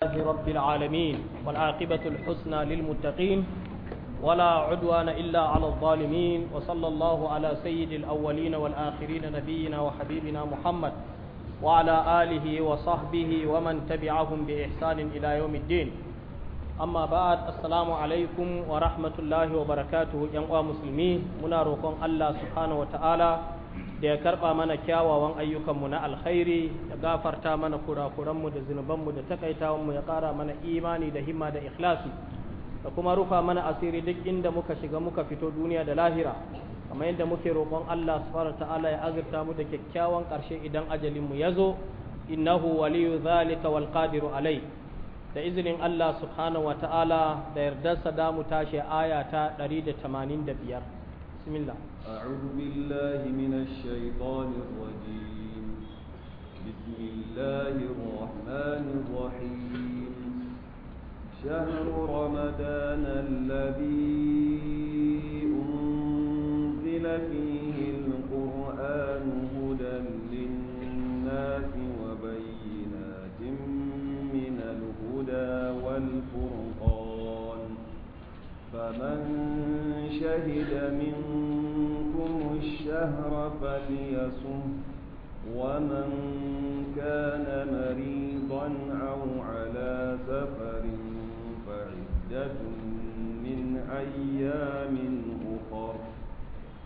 لله رب العالمين والعاقبة الحسنى للمتقين ولا عدوان إلا على الظالمين وصلى الله على سيد الأولين والآخرين نبينا وحبيبنا محمد وعلى آله وصحبه ومن تبعهم بإحسان إلى يوم الدين أما بعد السلام عليكم ورحمة الله وبركاته يا مسلمين منا روكم الله سبحانه وتعالى da ya karɓa mana kyawawan ayyukanmu na alkhairi ya gafarta mana kurakuranmu da zunubanmu da takaitawanmu ya ƙara mana imani da himma da ikhlasi da kuma rufa mana asiri duk inda muka shiga muka fito duniya da lahira kamar yadda muke roƙon Allah subhanahu ta'ala ya azurta mu da kyakkyawan ƙarshe idan ajalin mu yazo innahu waliyu zalika wal qadiru alai da izinin Allah subhanahu wa ta'ala da yardarsa da mu tashi aya ta 185 bismillah أعوذ بالله من الشيطان الرجيم بسم الله الرحمن الرحيم شهر رمضان الذي أنزل فيه القرآن هدى للناس وبينات من الهدى والفرقان فمن شهد منه الشهر فليصم ومن كان مريضا أو على سفر فعدة من أيام أخر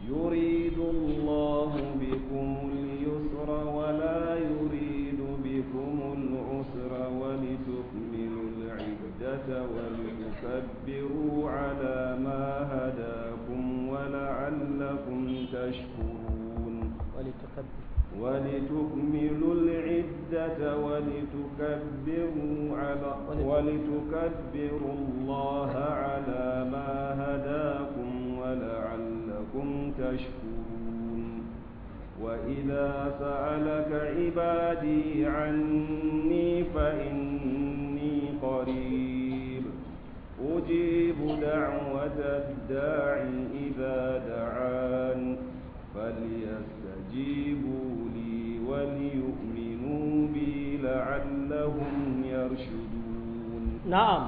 يريد الله بكم اليسر ولا يريد بكم العسر ولتكملوا العدة ولتكبروا على ما هداكم ولعلكم تشكرون ولتكملوا العدة ولتكبروا على ولتكبروا الله على ما هداكم ولعلكم تشكرون وإذا سألك عبادي عني فإني قريب يجيب دعوة الداع إذا دعان فليستجيبوا لي وليؤمنوا بي لعلهم يرشدون نعم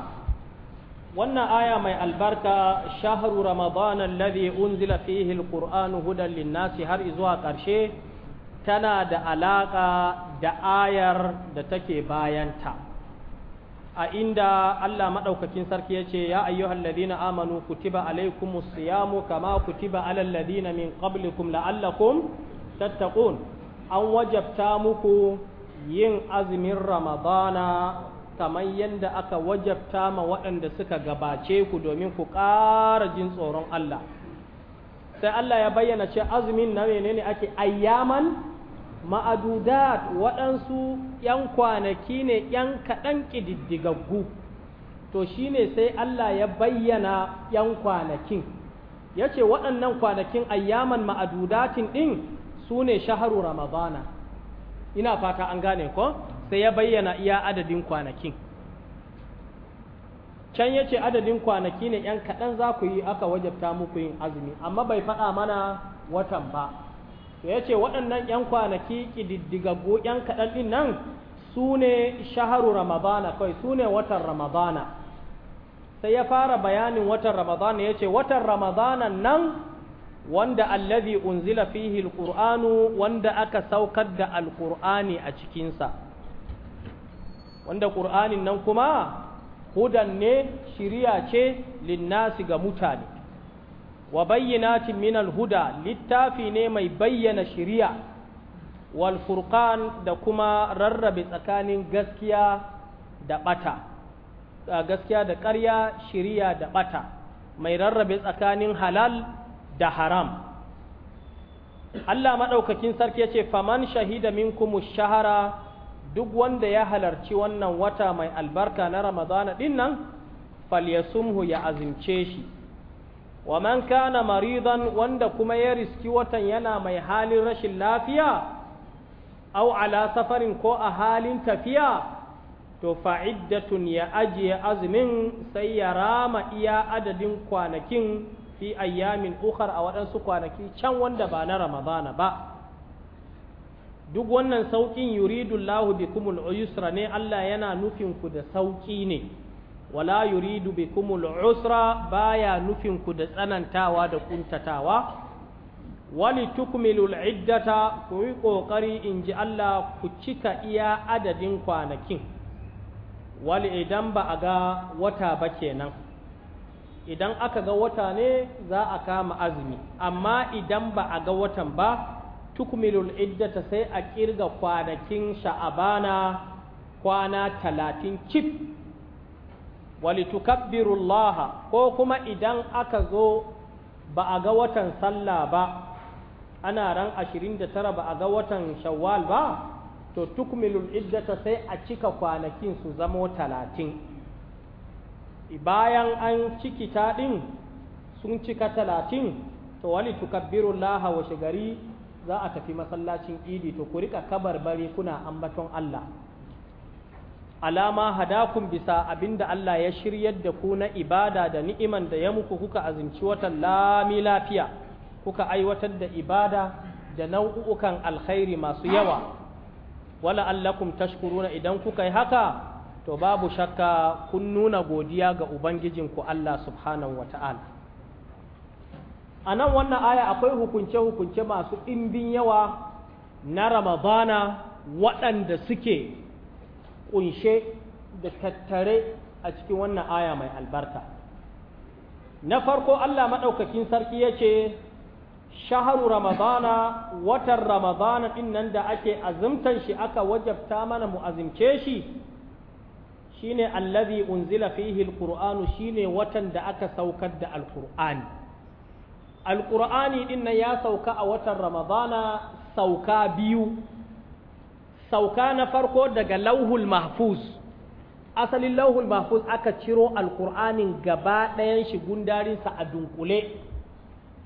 wannan aya mai albarka shahru ramadan alladhi unzila fihi alquran hudan linnasi har zuwa ƙarshe tana da alaƙa da ayar da take bayanta a inda Allah maɗaukakin sarki ya ce ya ayyuhal ladina amanu kutiba alaikum siyamu kama kutiba alal ladina min qablikum la'allakum tattaqun an wajabta muku yin azumin ramadana kamar yadda aka wajabta ma waɗanda suka gabace ku domin ku ƙara jin tsoron Allah sai Allah ya bayyana ce azumin na menene ake ayyaman ma'adudat waɗansu ‘yan kwanaki ne ‘yan kaɗan ƙididdigaggu to shine sai Allah ya bayyana ‘yan kwanakin yace ce waɗannan kwanakin ayyaman ma'adudatin ɗin su ne shaharu ramadana ina fata an gane ko sai ya bayyana iya adadin kwanakin can yace adadin kwanaki ne ‘yan kaɗan za ku yi aka wajabta muku yin azumi amma bai faɗa mana watan ba to ya ce waɗannan 'yan kwanaki ƙididdigaggu 'yan kaɗan ɗin nan su ne shaharu ramadana kai su ne watan ramadana sai ya fara bayanin watan ramadana ya ce watan ramadana nan wanda allazi unzila fihi alqur'anu wanda aka saukar da alqur'ani a cikinsa wanda qur'anin nan kuma hudan ne shiriya ce linnasi ga mutane wa bayyinatin minal huda littafi ne mai bayyana shiriya wal furqan da kuma rarrabe tsakanin gaskiya da bata gaskiya da ƙarya shiriya da bata mai rarrabe tsakanin halal da haram Allah maɗaukakin sarki ya ce faman shahida minkum shahara duk wanda ya halarci wannan wata mai albarka na ramadana ɗin nan falyasumhu ya azimce shi wa man kana maridan wanda kuma ya riski watan yana mai halin rashin lafiya au ala safarin ko a halin tafiya to fa'iddatun ya ajiye azumin sai ya rama iya adadin kwanakin fi ayyamin ukhar a waɗansu kwanaki can wanda ba na ramadana ba duk wannan sauƙin yuridullahu bikumul yusra ne Allah yana nufin ku da sauƙi ne wala yuridu bikumul usra baya nufin ku da tsanantawa da kuntatawa wali tukmilul iddata ku yi kokari in ji Allah ku cika iya adadin kwanakin wali idan ba a ga wata ba kenan idan aka ga wata ne za a kama azumi amma idan ba a ga watan ba tukmilul iddata sai a kirga kwanakin sha'abana kwana talatin cif walitukabbirullaha ko kuma idan aka zo ba a ga watan sallah ba ana ran 29 ba a ga watan shawwal ba to tukmilul iddata sai a cika kwanakin su zamo 30 bayan an ciki taɗin sun cika 30 to walitukabbirullaha washe gari za a tafi masallacin idi to ku rika kabarbari kuna ambaton Allah alama hadakun bisa abinda Allah ya shiryar da ku na ibada da ni'iman da ya muku kuka azumci watan lami lafiya kuka aiwatar da ibada da nau'ukan alkhairi masu yawa wala allakum tashkuruna idan kuka yi haka to babu shakka kun nuna godiya ga ubangijinku Allah subhanahu wata'ala a nan wannan aya akwai hukunce-hukunce masu ɗimbin yawa na ramadana waɗanda suke ƙunshe da tattare a cikin wannan aya mai albarka na farko Allah maɗaukakin sarki ya ce shaharu ramadana watan ramadana ɗin nan da ake azumtan shi aka wajabta mana mu azumce shi shine allazi unzila fihi alqur'anu shine watan da aka saukar da alqur'ani alqur'ani din nan ya sauka a watan ramadana sauka biyu sauka na farko daga lauhul mahfuz asalin lauhul mahfuz aka ciro alkur'anin gaba ɗayan shi gundarinsa a dunkule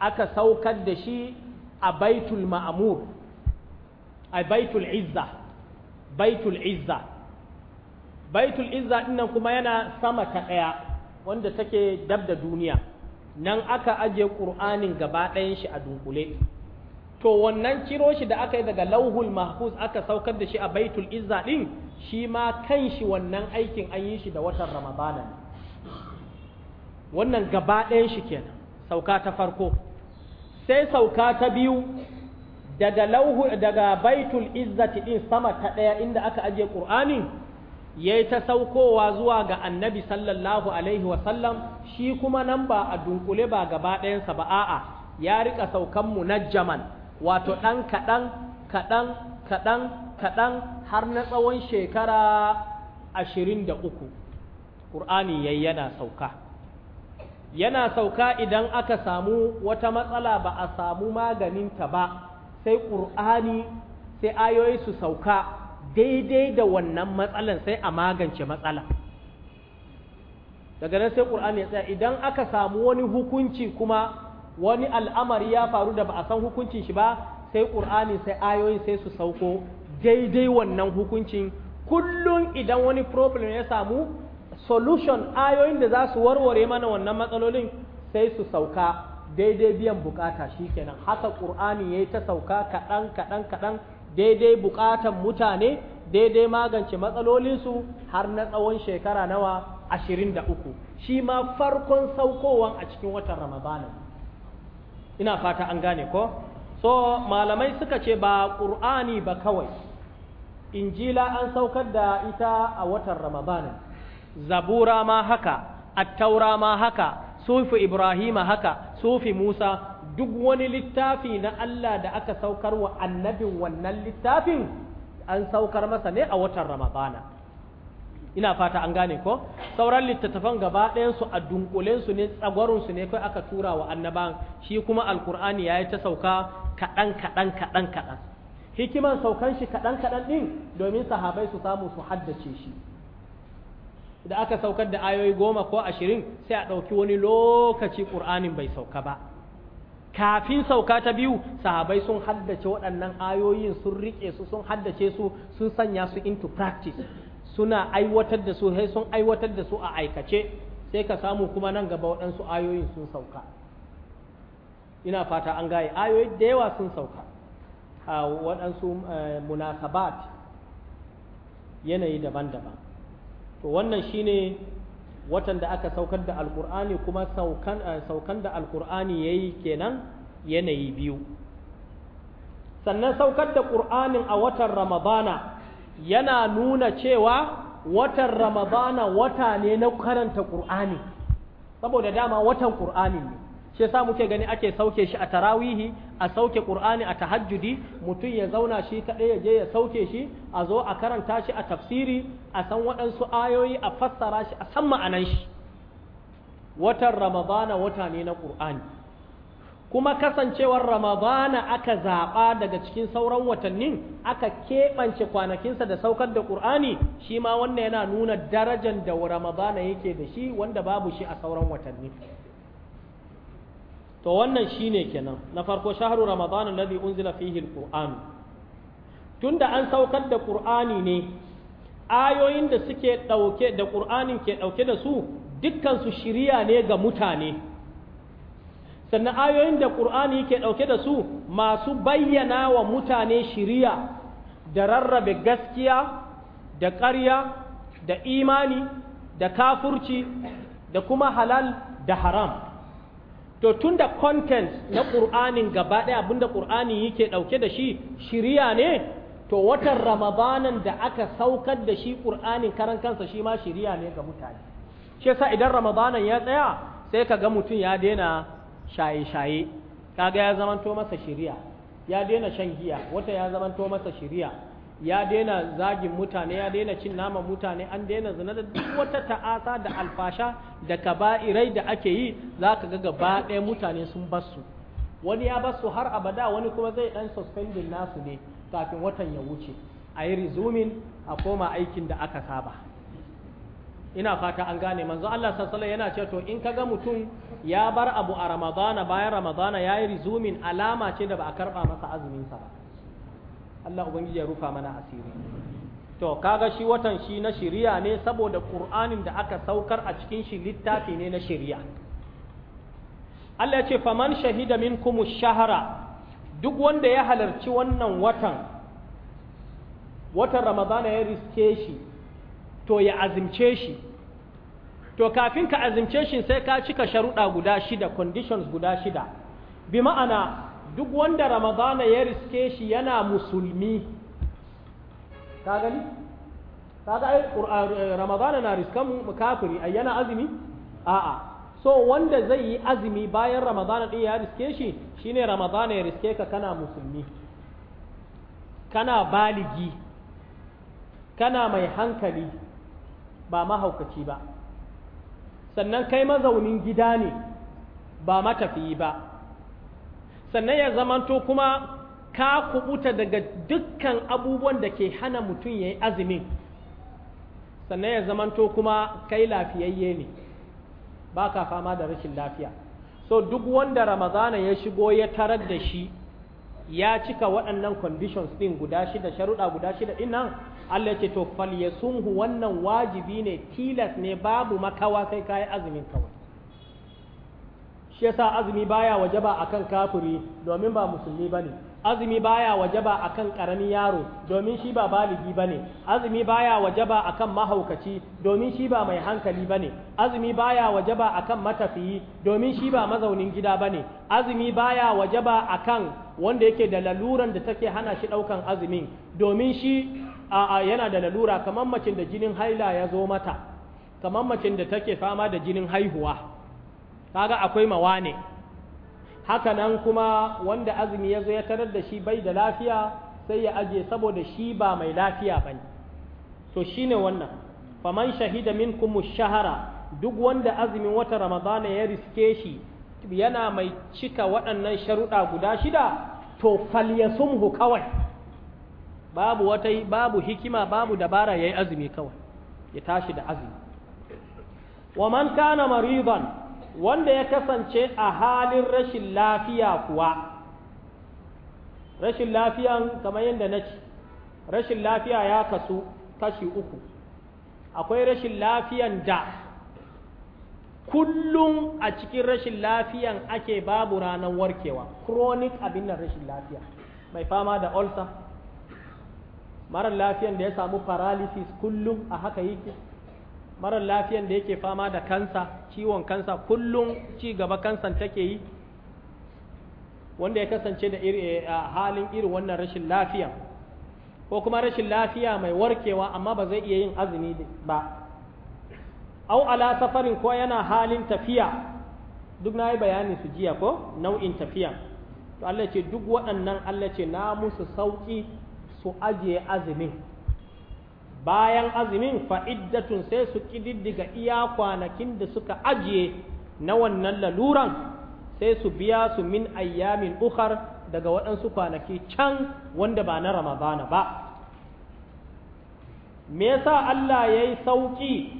aka saukar da shi a baitul ma'amur a baitul izza baitul izza baitul izza dinnan kuma yana sama ta ɗaya wanda take dab da duniya nan aka ajiye ƙur'anin gaba ɗayan shi a dunkule to wannan ciro shi da aka yi daga lauhul mahfuz aka saukar da shi a baitul izza din shi ma kan shi wannan aikin an yi shi da watan ramadana wannan gaba ɗayan shi kenan sauka ta farko sai sauka ta biyu daga lauhu daga baitul izzati din sama ta ɗaya inda aka ajiye ya yayi ta saukowa zuwa ga annabi sallallahu alaihi wasallam shi kuma nan ba a dunkule ba gaba ɗayansa ba a'a ya rika saukan munajjaman wato ɗan kaɗan kaɗan kaɗan kaɗan har na tsawon shekara ashirin da uku ƙur'ani yayi yana sauka yana sauka idan aka samu wata matsala ba a samu maganinta ba sai ƙur'ani sai ayoyi su sauka daidai da wannan matsalan sai a magance matsala daga nan sai ƙur'ani ya tsaya idan aka samu wani hukunci kuma wani al'amari ya faru da ba a san hukuncin shi ba sai ƙur'ani sai ayoyin sai su sauko daidai wannan hukuncin kullum idan wani problem ya samu solution ayoyin da za su warware mana wannan matsalolin sai su sauka daidai biyan bukata shikenan haka ƙur'ani ya yi ta sauka kaɗan kaɗan kaɗan daidai bukatan mutane daidai magance matsalolinsu har na tsawon shekara nawa ashirin da uku shi ma farkon saukowan a cikin watan ramadana ina fata an gane ko so malamai suka ce ba ƙur'ani ba kawai injila an saukar da ita a watan ramadana zabura ma haka attaura ma haka sufi ibrahima haka sufi musa duk wani littafi na allah da aka saukar wa annabin wannan littafin an saukar masa ne a watan ramadana ina fata an gane ko sauran littattafan gaba ɗayansu a dunkulensu ne tsagwaronsu ne kai aka tura wa annaban. shi kuma alkur'ani ya yi ta sauka kaɗan kaɗan kaɗan kaɗan hikiman saukan shi kaɗan kaɗan ɗin domin sahabai su samu su haddace shi da aka saukar da ayoyi goma ko ashirin sai a ɗauki wani lokaci ƙur'anin bai sauka ba kafin sauka ta biyu sahabai sun haddace waɗannan ayoyin sun riƙe su sun haddace su sun sanya su into practice suna aiwatar da su sai sun aiwatar da su a aikace sai ka samu kuma nan gaba waɗansu ayoyin sun sauka ina fata an gaye ayoyi da yawa sun sauka a waɗansu eh, munasabat yanayi daban-daban to wannan shine watan da aka saukar da alkur'ani kuma saukan eh, da alkur'ani ya yi kenan yanayi biyu sannan saukar da ƙur'anin a watan ramadana yana nuna cewa watan ramadana wata ne na karanta ƙur'ani saboda dama watan ƙur'ani ne shi yasa muke gani ake sauke shi a tarawihi a sauke ƙur'ani a tahajjudi mutum ya zauna shi kaɗai ya je ya sauke shi a zo a karanta shi a tafsiri a san waɗansu ayoyi a fassara shi a san ma'anan shi watan ramadana wata ne na ƙur'ani kuma kasancewar ramadana aka zaɓa daga cikin sauran watannin aka keɓance kwanakinsa da saukar da ƙur'ani shi ma wannan yana nuna darajar da ramadana yake da shi wanda babu shi a sauran watanni to wannan shine kenan na farko shahru ramadana ladhi unzila fihi alquran tunda an saukar da ƙur'ani ne ayoyin da suke ɗauke da ƙur'anin ke ɗauke da su dukkan su shiriya ne ga mutane sannan ayoyin da ƙur'ani yake ɗauke da su masu bayyana wa mutane shiriya da rarrabe gaskiya da ƙarya da imani da kafurci da kuma halal da haram to tun da content na ƙur'anin gaba ɗaya abinda ƙur'ani yake ɗauke da shi shiriya ne to watan ramadanan da aka saukar da shi ƙur'anin karan kansa shi ma shiriya ne ga mutane shi yasa idan ramadanan ya tsaya sai ka ga mutum ya daina shaye-shaye kaga ya zamanto masa shiriya ya daina shan giya wata ya zamanto masa shiriya ya daina zagin mutane ya daina cin naman mutane an daina zina da duk wata ta'asa da alfasha da kaba'irai da ake yi za zaka ga gaba ɗaya mutane sun basu wani ya basu har abada wani kuma zai dan suspendin nasu ne kafin watan ya wuce a yi rizumin a koma aikin da aka saba ina fata an gane manzo Allah sallallahu yana ce to in kaga mutum ya bar abu a ramadana bayan ramadana yayi rizumin alama ce da ba a karba masa azumin sa ba Allah ubangiji ya rufa mana asiri to kaga shi watan shi na shari'a ne saboda Qur'anin da aka saukar a cikin shi littafi ne na shari'a Allah ya ce faman shahida minkum shahara duk wanda ya halarci wannan watan watan ramadana ya riske shi to ya azimce shi to kafin ka azimce shi sai ka cika sharuɗa guda shida conditions guda shida bi ma'ana duk wanda ramadana ya riske shi yana musulmi ka gani kaga ai eh, ramadana na riskan kafiri ai yana azumi a'a so wanda zai yi azumi bayan ramadana din ya riske shi shine ramadana ya riske ka kana musulmi kana baligi kana mai hankali ba mahaukaci ba sannan kai mazaunin gida ne ba matafiyi ba sannan ya zamanto kuma ka kubuta daga dukkan abubuwan da ke hana mutum ya yi azumin sannan ya zamanto kuma kai lafiyayye ne ba ka fama da rashin lafiya so duk wanda ramadana ya shigo ya tarar da shi ya cika waɗannan conditions ɗin guda shida sharuɗa guda shida ɗin Allah ce to fal yasumhu wannan wajibi ne tilas ne babu makawa sai kai azumin kawai shi yasa azumi baya wajaba akan kafuri domin ba musulmi bane azumi baya wajaba akan karamin yaro domin shi ba baligi bane azumi baya wajaba akan mahaukaci domin shi ba mai hankali bane azumi baya wajaba akan matafiyi domin shi ba mazaunin gida bane azumi baya wajaba akan wanda yake da laluran da take hana shi ɗaukan azumin domin shi a'a yana da lalura kamar macin da jinin haila ya zo mata kamar macin da take fama da jinin haihuwa kaga akwai mawane haka nan kuma wanda azumi ya zo ya tarar da shi bai da lafiya sai ya aje saboda shi ba mai lafiya ba ne to shine wannan faman shahida min minkum shahara duk wanda azumin wata ramadana ya riske shi yana mai cika waɗannan sharuɗa guda shida to falyasumhu kawai babu wata babu hikima babu dabara yayi azumi kawai ya tashi da azumi wa man kana maridan wanda ya kasance a halin rashin lafiya kuwa rashin lafiyan kamar yadda na ce rashin lafiya ya kasu kashi uku akwai rashin lafiyan da kullum a cikin rashin lafiyan ake babu ranar warkewa chronic abin nan rashin lafiya mai fama da ulcer marar lafiyan da ya samu paralysis kullum a haka yake marar lafiyan da yake fama da kansa ciwon kansa kullum ci gaba kansan take yi wanda ya kasance da eh, halin irin wannan rashin lafiya ko kuma rashin lafiya mai warkewa amma ba zai iya yin azumi ba au ala safarin ko yana halin tafiya duk na yi bayani su jiya ko nau'in tafiya to Allah ce duk waɗannan Allah ce na musu sauƙi su ajiye azumin bayan azumin fa'iddatun sai su ƙididdiga iya kwanakin da suka ajiye na wannan laluran sai su biya su min ayyamin ukar daga waɗansu kwanaki can wanda ba na ramadana ba me yasa Allah ya yi sauƙi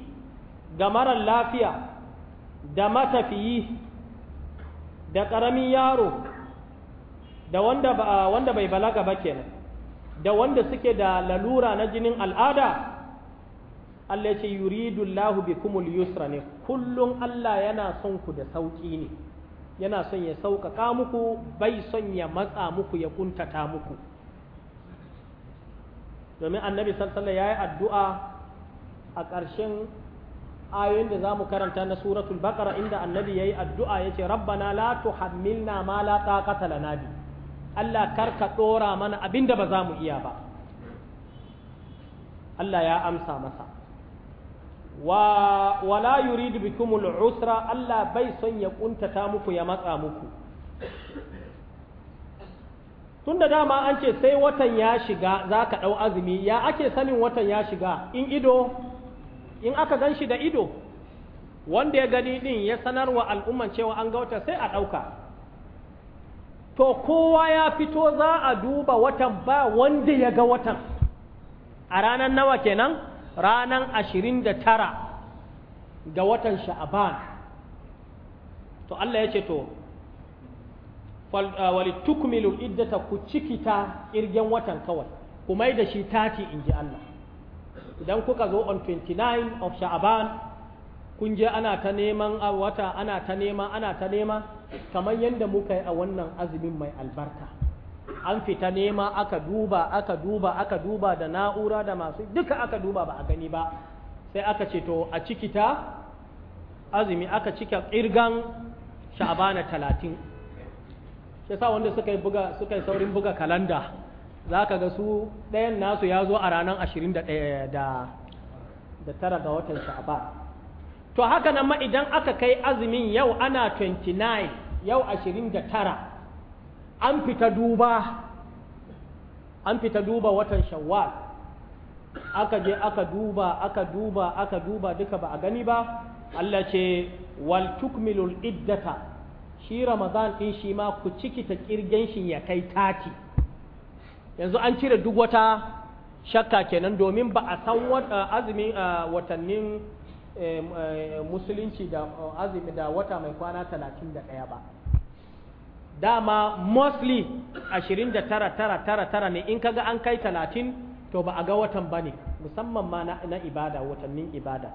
ga marar lafiya da matafiyi da ƙaramin yaro da wanda bai balaga ba kenan da wanda suke da lalura na jinin al'ada Allah ce yuridu Allahu bikumul yusra ne kullum Allah yana son ku da sauƙi ne yana son ya sauƙaƙa muku bai son ya matsa muku ya ƙuntata muku domin annabi sallallahu ya yi addu'a a ƙarshen ayoyin da za mu karanta na suratul baqara inda annabi ya yi addu'a ya ce rabbana la tuhammilna ma la taqata lana bihi Allah kar ka ɗora mana abin da ba za mu iya ba Allah ya amsa masa wa la yuridu bikumul usra Allah bai son ya kuntata muku ya matsa muku tun da dama an ce sai watan ya shiga za ka ɗau azumi ya ake sanin watan ya shiga in ido in aka gan shi da ido wanda ya gani ɗin ya sanarwa al'umman cewa an gauta sai a ɗauka to kowa ya fito za a duba watan ba wanda ya ga watan a ranar nawa kenan ranar ashirin da tara ga watan sha'aban to Allah ya ce to tukmilu iddata ku cikita irgen watan kawai ku mai da shi tati in ji Allah idan kuka zo on 29 of sha'aban kun je ana ta neman a wata ana ta nema ana ta nema kamar yadda muka yi a wannan azumin mai albarka an fita nema aka duba aka duba aka duba da na'ura da masu duka aka duba ba a gani ba sai aka ce to a ciki ta azumi aka cika kirgan sha'abana talatin shi sa wanda suka yi yi saurin buga kalanda za ka ga su ɗayan nasu ya zo a ranar ashirin da tara ga watan sha'aban to haka nan ma idan aka kai azumin yau ana 29 yau 29 an fita duba an fita duba watan shawwal aka je aka duba aka duba aka duba duka ba a gani ba Allah ce wal tukmilul iddata shi ramadan din shi ma ku ciki ta kirgen shi ya kai tati yanzu an cire duk wata shakka kenan domin ba a san azumin ah, watannin Eh, eh, musulunci da eh, azumi da wata mai kwana talatin da ɗaya ba dama mostly ashirin da tara tara tara tara ne in kaga an kai talatin to ba a ga watan ba ne musamman ma na ibada watannin ibada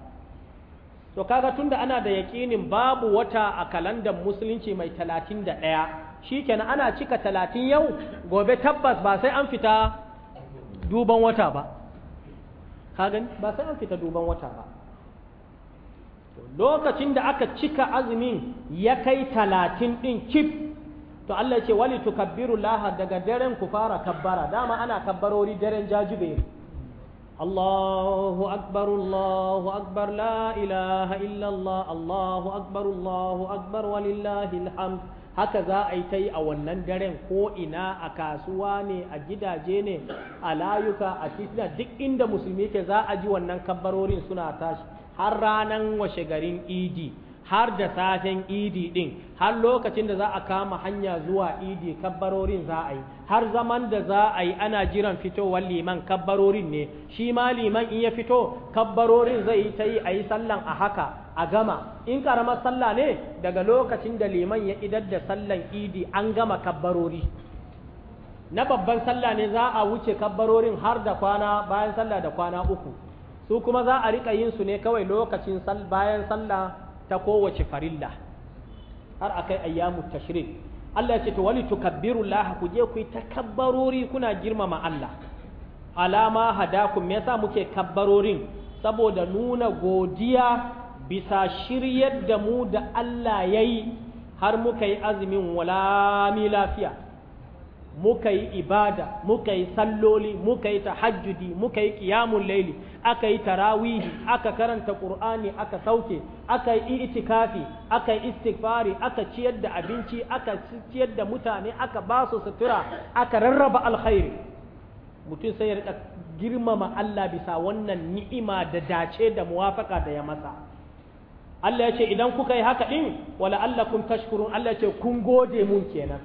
to kaga tunda ana da yaƙinin babu wata a kalandar musulunci mai talatin da ɗaya shikenan ana cika talatin yau gobe tabbas ba sai an fita duban wata ba kagan ba sai an fita duban wata ba lokacin da aka cika azumin ya kai 30 din kif to Allah ce wali tukabbiru laha daga daren ku fara kabbara dama ana kabbarori daren jajube Allahu akbar Allahu akbar la ilaha illa Allah Allahu akbar Allahu akbar walillahi alhamd haka za a yi ta yi a wannan daren ko ina a kasuwa ne a gidaje ne a layuka a titina duk inda musulmi ke za a ji wannan kabbarorin suna tashi har ranan washe garin idi har da safen idi din har lokacin da za a kama hanya zuwa idi kabbarorin za a yi har zaman da za a yi ana jiran fitowar liman kabbarorin ne shi ma liman in ya fito kabbarorin zai yi ta yi a yi sallan a haka a gama in karamar sallah ne daga lokacin da liman ya idar da sallan idi an gama kabbarori na babban sallah ne za a wuce kabbarorin har da kwana bayan sallah da kwana uku su kuma za a riƙa yin su ne kawai lokacin bayan sallah ta kowace farilla har akai ayyamu tashrik Allah ya ce to wali tukabbiru Allah ku je ku yi takabbarori kuna girmama Allah alama hadakum me yasa muke kabbarorin saboda nuna godiya bisa shiryar da mu da Allah yayi har muka yi azumin wala mi lafiya muka yi ibada muka yi salloli muka yi tahajjudi muka yi ƙiyamun laili aka yi tarawihi aka karanta kur'ani aka sauke aka yi itikafi aka yi istighfari aka ciyar da abinci aka ciyar da mutane aka ba su sutura aka rarraba alkhairi mutum sai ya rika girmama Allah bisa wannan ni'ima da dace da muwafaka da ya masa Allah ya ce idan kuka yi haka din wala allakum tashkurun Allah ya ce kun gode mun kenan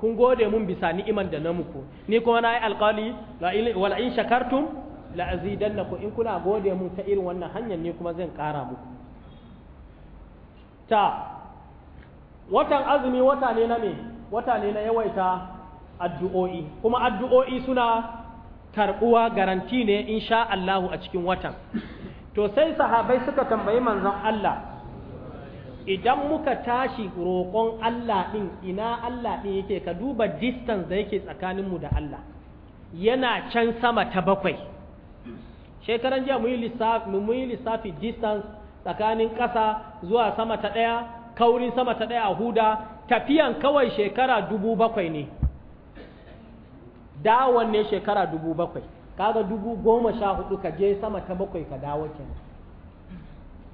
kun gode mun bisa ni'iman da na muku ni kuma na yi alƙali wala in shakartum la'azidannakum in kuna gode mun ta irin wannan hanyar ne kuma zan ƙara muku ta watan azumi wata ne na me wata ne na yawaita addu'o'i kuma addu'o'i suna karbuwa garanti ne insha Allahu a cikin watan to sai sahabai suka tambayi manzon Allah idan muka tashi roƙon Allah ɗin ina Allah ɗin yake ka duba distance da yake tsakaninmu da Allah yana can sama ta bakwai shekaran jiya muyi lissafi muyi lissafi distance tsakanin ƙasa zuwa sama ta ɗaya kaurin sama ta ɗaya a huda tafiyan kawai shekara dubu bakwai ne dawon ne shekara dubu bakwai kaga dubu goma sha hudu ka je sama ta bakwai ka dawo kenan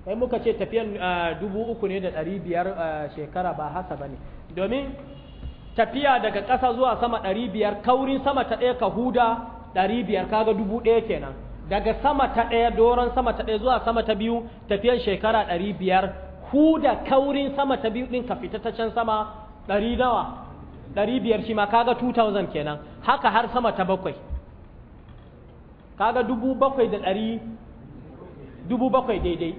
kai muka ce tafiyan ah, dubu uku ne da ɗari biyar ah, shekara ba haka ba ne domin tafiya daga ƙasa zuwa sama ɗari biyar kaurin sama ta ɗaya ka huda ɗari biyar kaga dubu ɗaya kenan daga sama ta ɗaya doron sama ta ɗaya zuwa sama ta biyu tafiyan shekara ɗari biyar da kaurin sama ta biyu ɗin ka fita ta can sama ɗari nawa ɗari biyar shi ma kaga 2000 kenan haka har sama ta bakwai kaga dubu bakwai da ɗari dubu bakwai daidai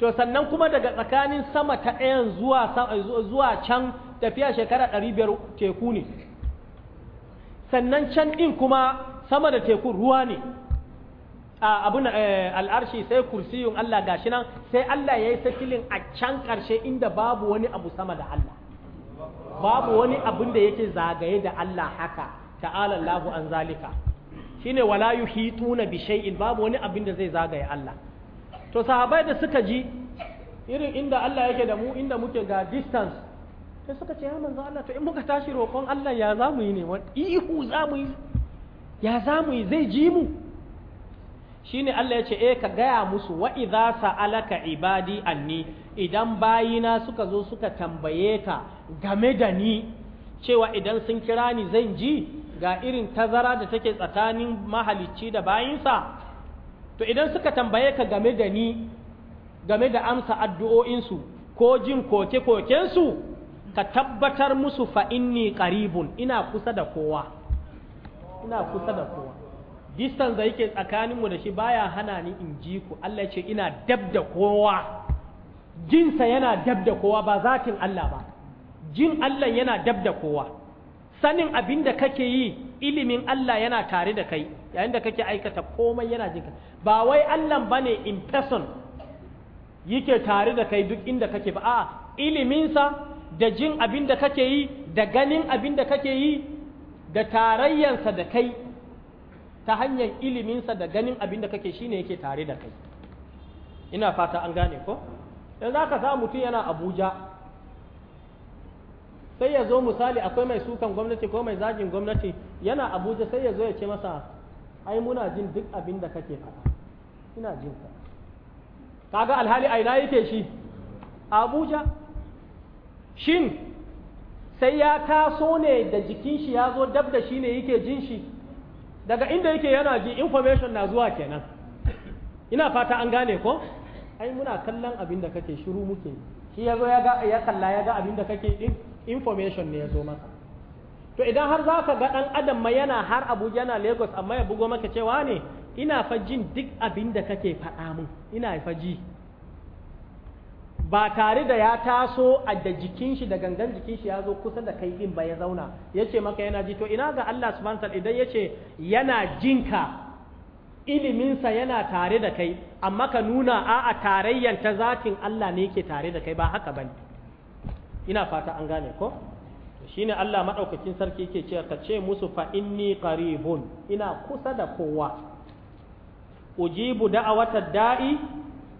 to sannan kuma daga tsakanin sama ta ɗayan zuwa, zuwa can tafiya shekara ɗari biyar teku ne sannan can ɗin kuma sama da teku ruwa ne abin eh, al'arshi sai kursiyun Allah gashi nan sai Allah ya yi sakilin a can ƙarshe inda babu wani abu sama da Allah babu wani abin da yake zagaye da Allah haka ta'ala Allahu an zalika shine wala yuhituna bi shay'in babu wani abin da zai zagaye Allah to sahabai da suka ji irin inda Allah yake da mu inda muke ga distance sai suka ce ya manzo Allah to in muka tashi roƙon Allah ya zamu yi ne ihu zamu yi ya za mu yi zai ji mu Shi ne Allah ya ce e ka gaya musu wa alaka sa'alaka ibadi anni idan bayina suka zo suka tambaye ka game da ni cewa idan sun kira ni zan ji ga irin tazara da take tsakanin mahalicci da bayinsa to idan suka tambaye ka game da ni game da amsa addu'o'insu ko jin koke-kokensu ka tabbatar musu fainni karibun. ina kusa da kowa ina kusa da kowa distance da yake tsakaninmu da shi baya hana ni in ji ku Allah ce ina dab da kowa jinsa yana dab da kowa ba zatin Allah ba jin Allah yana dab da kowa sanin abin da kake yi ilimin Allah yana tare da kai yayin da kake aikata komai yana jinka ba wai Allah bane in person yake tare da kai duk inda kake ba a'a iliminsa da jin abin da kake yi da ganin abin da kake yi da tarayyansa da kai ta hanyar iliminsa da ganin abin da kake shine yake tare da kai ina fata an gane ko yanzu za samu mutum yana abuja sai ya zo misali akwai mai sukan gwamnati ko mai zagin gwamnati yana abuja sai ya zo ya ce masa ai muna jin duk abin da kake faɗa ina jin ka kaga alhali aina yake shi abuja shin sai ya taso ne da jikin shi ya zo dab da shi ne yake jin shi daga inda yake yana ji information na zuwa kenan ina fata an gane ko ai muna kallon abin da kake shiru muke shi ya zo ya kalla ya ga abin da kake information ne ya zo masa to idan har za ka ga dan adam ma yana har abu yana lagos amma ya bugo maka cewa ne ina fa jin duk abin da kake faɗa mun ina fa ji ba tare da ya taso a da jikin shi da gangan jikin shi ya zo kusa da kai din ba ya zauna yace maka yana ji to ina ga Allah subhanahu wataala idan yace yana jinka iliminsa yana tare da kai amma ka nuna a a tarayyan ta zatin Allah ne yake tare da kai ba haka bane ina fata an gane ko shine Allah madaukakin sarki yake cewa ka ce musu fa inni qaribun ina kusa da kowa ujibu da'awata da'i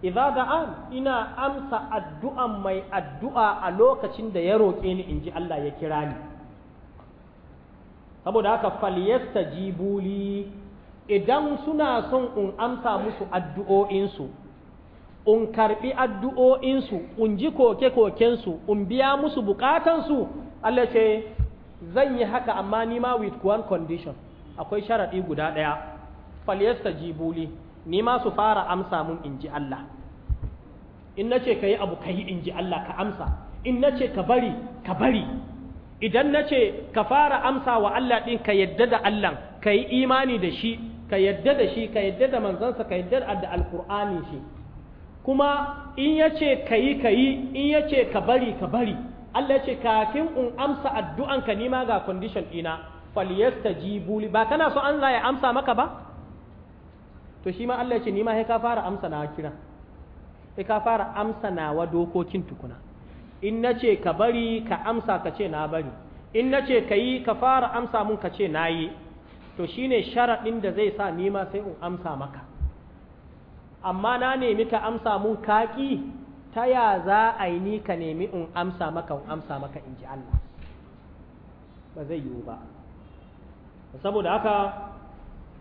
idza ina amsa addu'an mai addu'a a lokacin da ya roƙe ni inji Allah ya kira ni saboda haka falyastajibu li idan suna son in amsa musu addu'o'insu in karbi addu'o'insu in ji koke-kokensu in biya musu buƙatansu Allah ce zan yi haka amma ni ma with one condition akwai sharaɗi guda ɗaya falyasta jibuli ni ma su fara amsa mun in ji Allah in nace ka yi abu ka yi in ji Allah ka amsa in nace ka bari ka bari idan nace ka fara amsa wa Allah ɗin ka yadda da Allah ka yi imani da shi ka yadda da shi ka yadda da manzansa ka yadda da alkur'ani shi kuma in yace ka yi ka yi in yace ka bari ka bari Allah ce kafin in amsa addu'an ka nima ga condition ina. faliyasta li ba kana so Allah ya amsa maka ba to shi ma Allah ce ni sai ka fara amsa na kira sai ka fara amsa nawa dokokin tukuna in na ce ka bari ka amsa ka ce na bari in na ce ka yi ka fara amsa mun ka ce na yi to shine sharaɗin da zai sa nima sai in amsa maka amma na nemi ka amsa mun kaƙi ta ya za a yi ni ka nemi in amsa maka in amsa maka in ji Allah ba zai yiwu ba saboda haka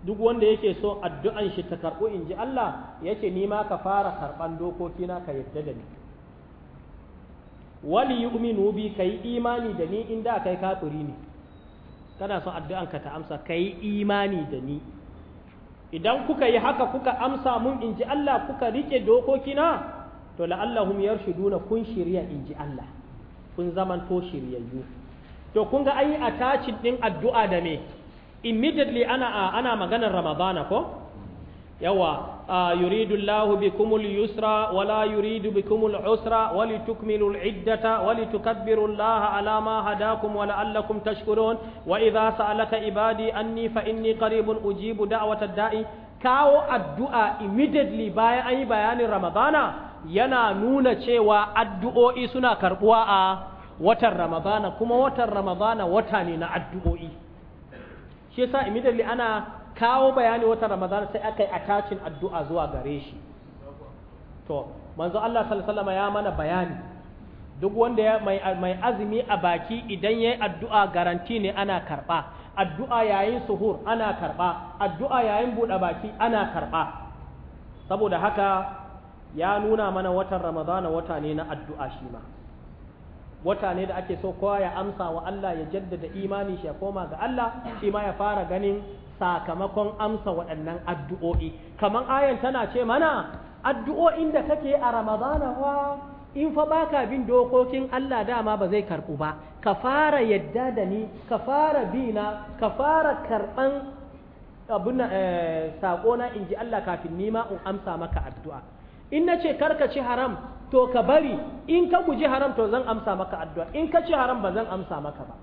duk wanda yake so addu'an shi ta karɓu in ji Allah yake ni ka fara karɓan dokokina ka yadda da ni wali yu'minu bi kai imani da ni inda kai kafiri ne kana son addu'an ka ta amsa kai imani da ni idan kuka yi haka kuka amsa mun in ji Allah kuka rike dokokina to la'allahum yarshuduna kun shirya in ji Allah kun zamanto shiryayyu to kun ga an yi ɗin addu'a da me immediately ana ana maganar ramadana ko yawa yuridu Allahu bikumul yusra wala yuridu bikumul usra walitukmilu al-iddata walitukabbiru Allaha ala ma hadakum wa tashkurun wa idha sa'alaka ibadi anni fa inni qaribun ujibu da'wata da'i kawo addu'a immediately bayan an yi bayanin ramadana yana nuna cewa addu'o'i suna karbuwa a watan ramadana kuma watan ramadana wata ne na addu'o'i shi yasa immediately ana kawo bayani watan Ramadan sai aka yi attaching addu'a zuwa gare shi to manzo Allah sallallahu alaihi wasallam ya mana bayani duk wanda ya mai, mai azumi a baki idan yayi addu'a garanti ne ana karba addu'a yayin suhur ana karba addu'a yayin buɗe baki ana karba saboda haka ya nuna mana watan Ramadana wata ne na addu'a shi ma wata ne da ake so kowa ya amsa wa Allah ya jaddada imani shi ya koma ga Allah shi ma ya fara ganin sakamakon amsa waɗannan addu'o'i kamar ayan tana ce mana addu'o'in da kake a ramadana wa in fa baka bin dokokin Allah dama ba zai karɓu ba ka fara yadda da ni ka fara bina ka fara karɓan abin eh, in ji Allah kafin nima in amsa maka addu'a in na ce karka ci haram to ka bari in ka guji haram to zan amsa maka addu'a in ka ci haram ba zan amsa maka ba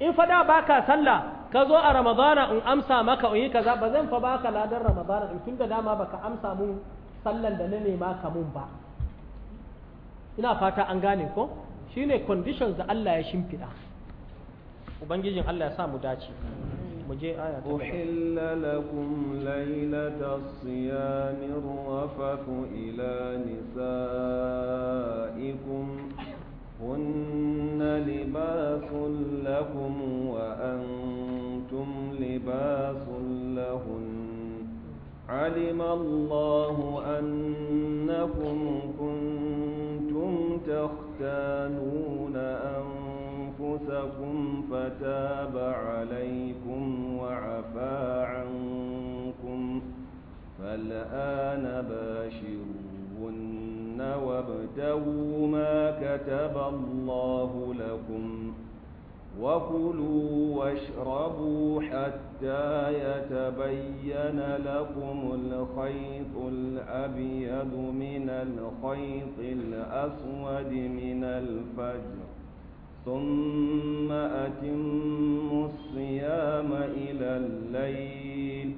in fada baka sallah ka zo a ramadana in amsa maka in yi kaza ba zan fa baka ladan ramadana in tunda dama baka amsa mun sallan da na nema ka mun ba ina fata an gane ko shine conditions da Allah ya shimfiɗa ubangijin Allah ya sa mu dace آية أحل لكم ليلة الصيام الرفث إلى نسائكم هن لباس لكم وأنتم لباس لهن علم الله أنكم كنتم تختانون أنفسكم فتاب عليكم عفا عنكم فالآن باشروهن وابتغوا ما كتب الله لكم وكلوا واشربوا حتى يتبين لكم الخيط الأبيض من الخيط الأسود من الفجر ثم أتموا الصيام إلى الليل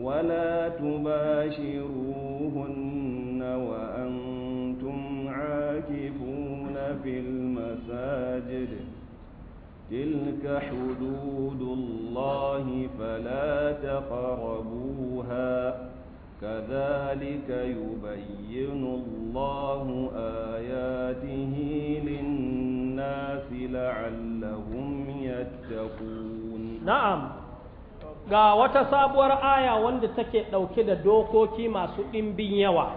ولا تباشروهن وأنتم عاكفون في المساجد تلك حدود الله فلا تقربوها كذلك يبين الله آياته لنا Na'am, yattaqun na'am ga wata sabuwar aya wanda take ɗauke da dokoki masu dimbin yawa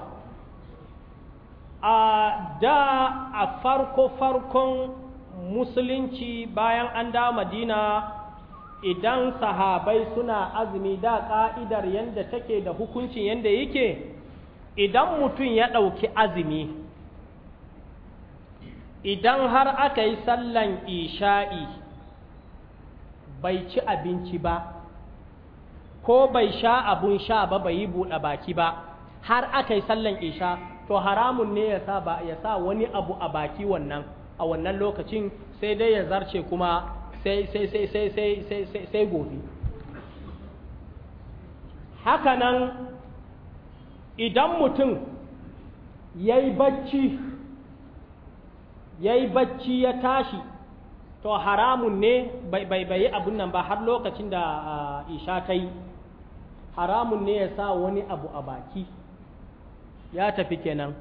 a da a farko-farkon musulunci bayan an da madina idan sahabai suna azumi da ka'idar yadda take da hukuncin yadda yake idan mutum ya ɗauki azumi idan har aka yi sallan isha'i bai ci abinci ba ko bai sha abun sha ba bai yi buɗe baki ba har aka yi sallan isha to haramun ne ya sa wani abu a baki wannan a wannan lokacin sai dai ya zarce kuma sai sai sai sai sai gobe hakanan idan mutum ya yi bacci yayi bacci ya tashi to haramun ne bai bai abun nan ba har lokacin da isha ta yi haramun ne ya sa wani abu a baki ya tafi kenan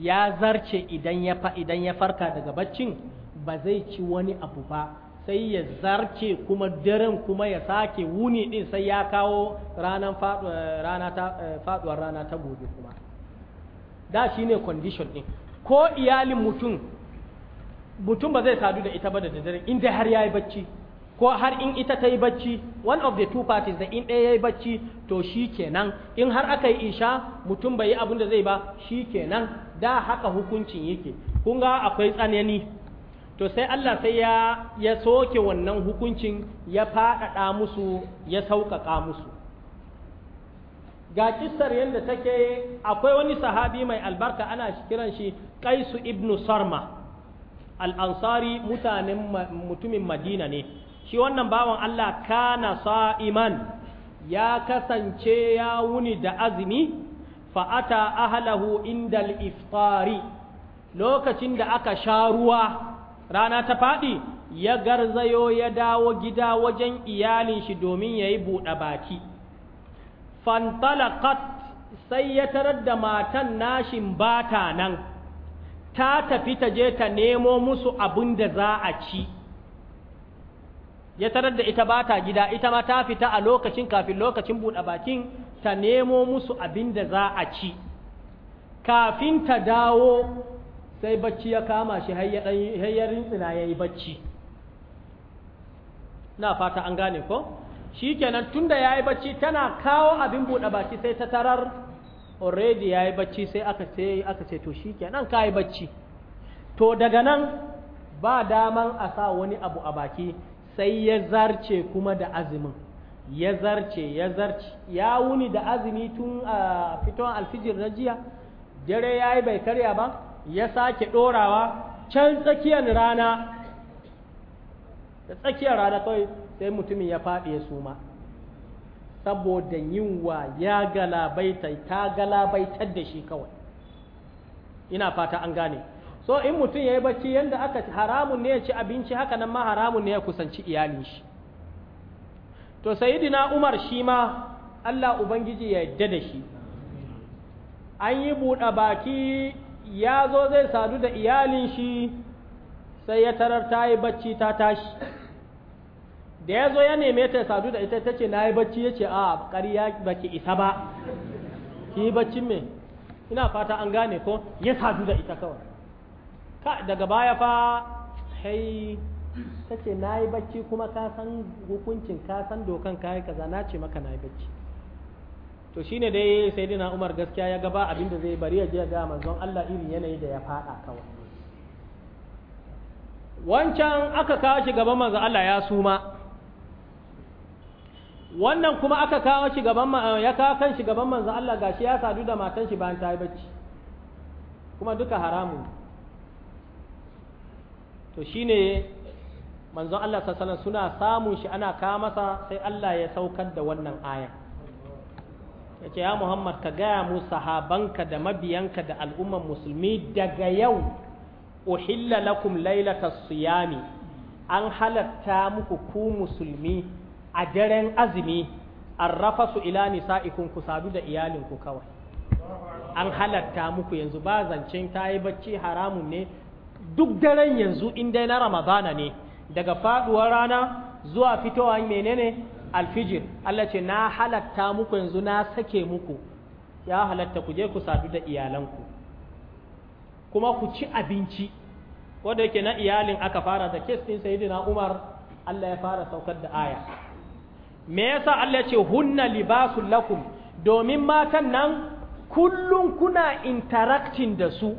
ya zarce idan ya fa idan ya farka daga baccin ba zai ci wani abu ba sai ya zarce kuma daren kuma ya sake wuni din sai ya kawo ranar eh, rana ta eh, faduwar rana ta gobe kuma da shine condition din ko iyalin mutum mutum ba zai sadu da ita ba da daddare in dai har yayi bacci ko har in ita ta yi bacci one of the two parties da in ɗaya ya yi bacci to shi kenan in har aka yi isha mutum bai yi abin da zai ba shi kenan da haka hukuncin yake kun ga akwai tsanani to sai Allah sai ya ya soke wannan hukuncin ya faɗaɗa musu ya sauƙaƙa musu ga kissar yadda take akwai wani sahabi mai albarka ana kiran shi Kaisu ibnu Sarma al'ansari mutanen mutumin madina ne shi wannan bawan Allah kana sa'iman ya kasance ya wuni da azumi fa'ata ahalahu indal iftari lokacin da aka sha ruwa rana ta faɗi ya garzayo ya dawo gida wajen iyalin shi domin ya yi buɗe baki fantalakat sai ya tarar da matan nashin bata nan ta tafi ta je ta nemo musu abin da za a ci ya tarar da ita ba ta gida ita ma ta fita a lokacin kafin lokacin buɗe bakin ta nemo musu abin da za a ci kafin ta dawo sai bacci ya kama shi hayyarin tsina ya yi bacci na fata an gane ko shi kenan tunda ya yi bacci tana kawo abin buɗe baki sai ta tarar already ya yi bacci sai aka ce aka ce to shi kenan ka yi bacci to daga nan ba daman a sa wani abu a baki sai ya zarce kuma da azumin ya zarce ya zarce ya wuni da azumi tun a fitowar alfijir na jiya dare ya yi bai karya ba ya sake ɗorawa can tsakiyar rana da tsakiyar rana kawai sai mutumin ya faɗi ya suma saboda yin wa ya galabaita ta galabaitar da shi kawai ina fata an gane so in mutum ya yi bacci yadda aka haramun ne ya ci abinci haka nan ma haramun ne ya kusanci iyalin shi to sayidina umar shi ma allah ubangiji ya yadda da shi an yi buɗe baki ya zo zai sadu da iyalin shi sai ya tarar ta yi bacci ta tashi da ya zo ya neme ta sadu da ita ta ce na yi bacci ya ce a ƙarya ba ki isa ba ki yi baccin me ina fata an gane ko ya sadu da ita kawai ka daga baya fa hai ta ce na yi bacci kuma ka san hukuncin ka san dokan kayan kaza na ce maka na yi bacci to shine dai sai dina umar gaskiya ya gaba da zai bari ya je ga manzon Allah irin yanayi da ya fada kawai wancan aka kawo shi gaban manzon Allah ya suma wannan kuma aka kawo shi gaban ya kawo kan shi gaban manzo Allah gashi ya sadu da matan shi bayan ta yi bacci kuma duka haramun to shine manzon Allah sallallahu suna samun shi ana kawo masa sai Allah ya saukar da wannan aya yace ya Muhammad ka gaya mu sahabanka da mabiyanka da al'umman musulmi daga yau uhilla lakum lailatas siyami an halatta muku ku musulmi a daren azumi rafa su ila nisa'ikum ku sadu da iyalinku kawai an halatta muku yanzu ba zancen ta yi bacci haramun ne duk daren yanzu in dai na ramadana ne daga faduwar rana zuwa fitowa menene alfijir Allah ce na halatta muku yanzu na sake muku ya halatta ku je ku sadu da iyalanku kuma ku ci abinci wanda yake na iyalin aka fara da kes din sayyidina Umar Allah ya fara saukar da aya me yasa Allah ce hunna libasul lakum domin matan nan kullum kuna interacting da su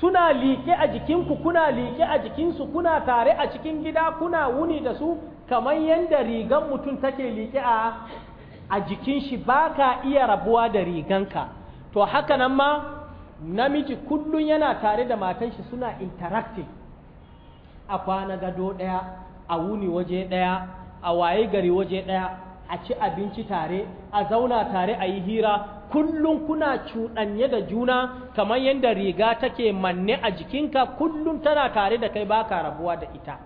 suna liƙe a jikinku kuna liƙe a jikinsu kuna tare a cikin gida kuna wuni da su kamar yadda rigan mutum take liƙe a a jikin shi baka iya rabuwa da riganka to haka nan ma namiji kullum yana tare da matan shi suna interacting a kwana gado ɗaya a wuni waje ɗaya a waye gari waje ɗaya a ci abinci tare a zauna tare a yi hira kullum kuna cuɗanye da juna kamar yadda riga take manne a jikinka kullum tana tare da kai baka rabuwa da ita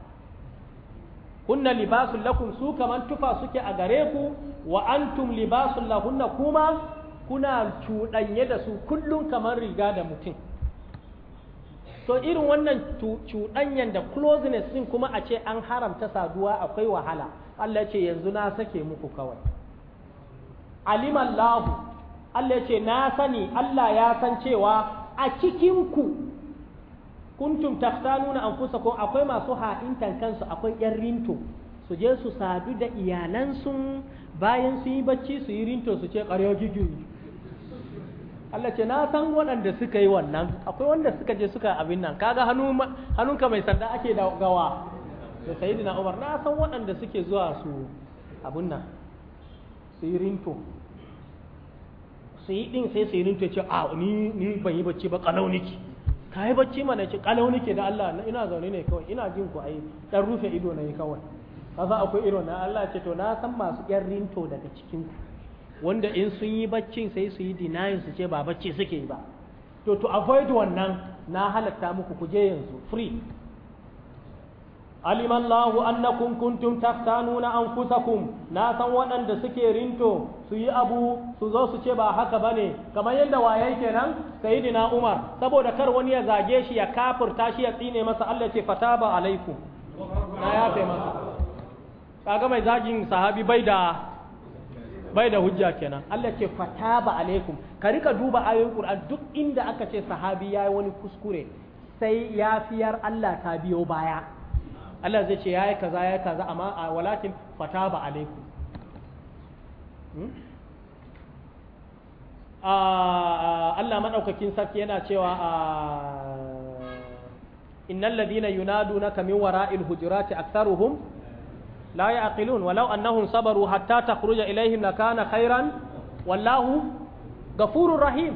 kunna libasun lakum su kamar tufa suke a gare ku wa antum libasun lahunna kuma kuna cuɗanye da su kullum kamar riga da mutum to irin wannan cuɗanyan da closeness din kuma a ce an haramta saduwa akwai wahala Allah ce yanzu na sake muku kawai alimallahu Allah ce na sani Allah ya san cewa a cikinku kuntum taftanuna ko akwai masu ha'intan kansu akwai yan rinto su je su sadu da iyalansu bayan su yi bacci su yi rinto su ce ƙarya gigi Allah ce na san waɗanda suka yi wannan akwai wanda suka je suka abin nan kaga hannu hannunka mai sanda ake da gawa da sayyidina Umar na san waɗanda suke zuwa su abin nan su yi rinto su yi din sai su ce a ni ni ban yi bacci ba kalau niki ka yi bacci mana ce kalau da Allah ina zaune ne kawai ina jin ku ai dan rufe ido na yi kawai kaza akwai irin na Allah ce to na san masu yan rinto daga cikin ku wanda in sun yi baccin sai su yi dinayin su ce ba bacci suke yi ba to to avoid wannan na halatta muku ku je yanzu free alimallahu annakum kuntum taftanuna anfusakum na san waɗanda suke rinto su yi abu su zo su ce ba haka bane kamar yadda wayan kenan sayyidina Umar saboda kar wani ya zage shi ya kafirta shi ya tsine masa Allah ce fataba alaikum na yafe masa kaga mai zagin sahabi bai da bai da hujja kenan Allah ce fataba alaikum ka rika duba ayoyin Qur'an duk inda aka ce sahabi yayi wani kuskure sai yafiyar Allah ta biyo baya Allah zai ce yayi kaza yayi kaza amma a walakin fataba alaikum hmm? Allah madaukakin sarki yana cewa innal ladina yunadunaka min wara'il hujurati aktharuhum la aqilun? walau annahum sabaru hatta takhruja ilaihim lakana khairan wallahu ghafurur rahim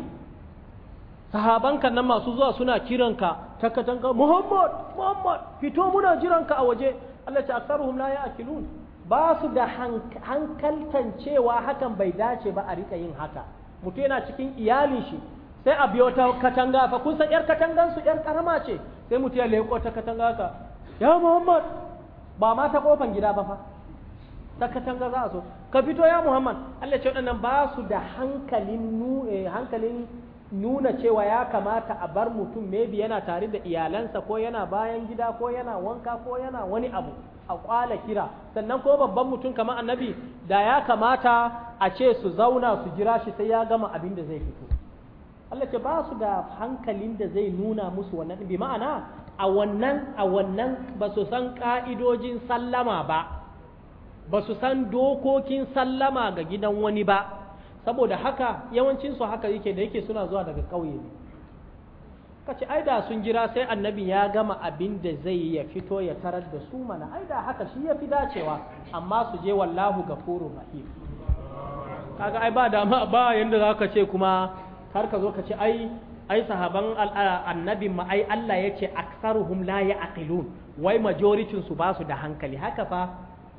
sahabanka nan masu zuwa suna kiranka takatanka Muhammad Muhammad fito muna jiranka a waje Allah ya aksaruhum la aqilun? ba su da hankaltan cewa hakan bai dace ba a rika yin haka mutum yana cikin iyalin shi sai a biyo ta katanga fa kun san yar katangan su yar karama ce sai mutum ya leko ta katanga ka ya Muhammad ba ma ta kofan gida ba fa ta katanga za a so ka fito ya muhammad allah ce waɗannan ba su da eh, hankalin nuna cewa ya kamata a bar mutum maybe yana tare da iyalansa ko yana bayan gida ko yana wanka ko yana wani abu a kwala kira sannan ko babban mutum kamar annabi da ya kamata a ce su zauna su jira shi sai ya gama abin da zai fito Allah ce ba su da hankalin da zai nuna musu wannan bi ma'ana a wannan a wannan ba su san ƙa'idojin sallama ba ba su san dokokin sallama ga gidan wani ba saboda haka yawancinsu haka yake da yake suna zuwa daga ƙauye ne kace ai da sun jira sai annabi ya gama abin da zai yi ya fito ya tarar da su mana ai da haka shi ya fi dacewa amma su je wallahu Gafuru rahim kaga ai ba dama ba yanda zaka ce kuma har ka zo ka ce ai ai sahaban annabin ma ai Allah ya ce la ya'qilun wai majority su ba da hankali haka fa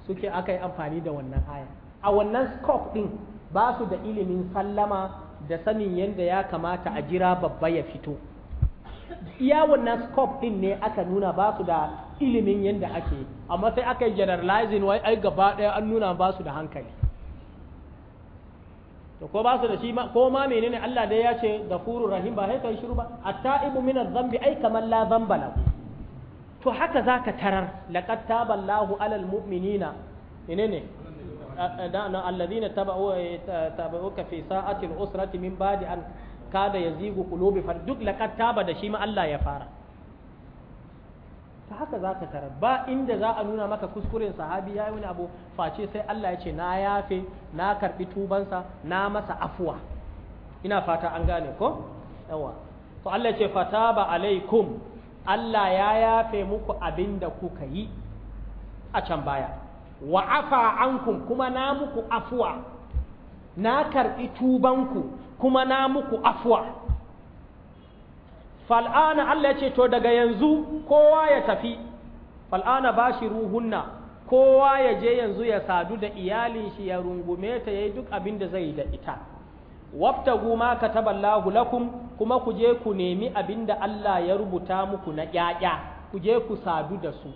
suke aka yi amfani da wannan aya a wannan scope din ba su da ilimin sallama da sanin yadda ya kamata a jira babba ya fito iya wannan scope din ne aka nuna ba su da ilimin yadda ake amma sai aka yi generalizing wai ai gaba ɗaya an nuna ba su da hankali to ko ba su da shi ma ko ma menene Allah dai ya ce gafurur rahim ba sai kai shiru ba at-ta'ibu min adh-dhanbi ay kaman la dhanba lahu to haka zaka tarar laqad taballahu alal mu'minina menene da'na alladhina taba'u eh, taba'uka fi sa'ati al-usrati min ba'di an kada yazigu qulubi fa duk laqad taba da shi ma Allah ya fara ta haka za ka tara ba inda za a nuna maka kuskuren sahabi ya yi wani abu face sai Allah ya ce na yafe na karɓi tubansa na masa afuwa ina fata an gane ko yawa to Allah ya ce fata ba alaikum Allah ya yafe muku abin da kuka yi a can baya wa afa ankum kuma na muku afuwa na karɓi tubanku kuma na muku afuwa fal'ana Allah ya ce to daga yanzu kowa ya tafi fal'ana shi ruhunna kowa ya je yanzu ya sadu da iyalin shi ya rungume ta yayi duk abin da zai da ita guma ka kataballahu lakum kuma ku je ku nemi abin da Allah ya rubuta muku na ƴaƴa ku je ku sadu da su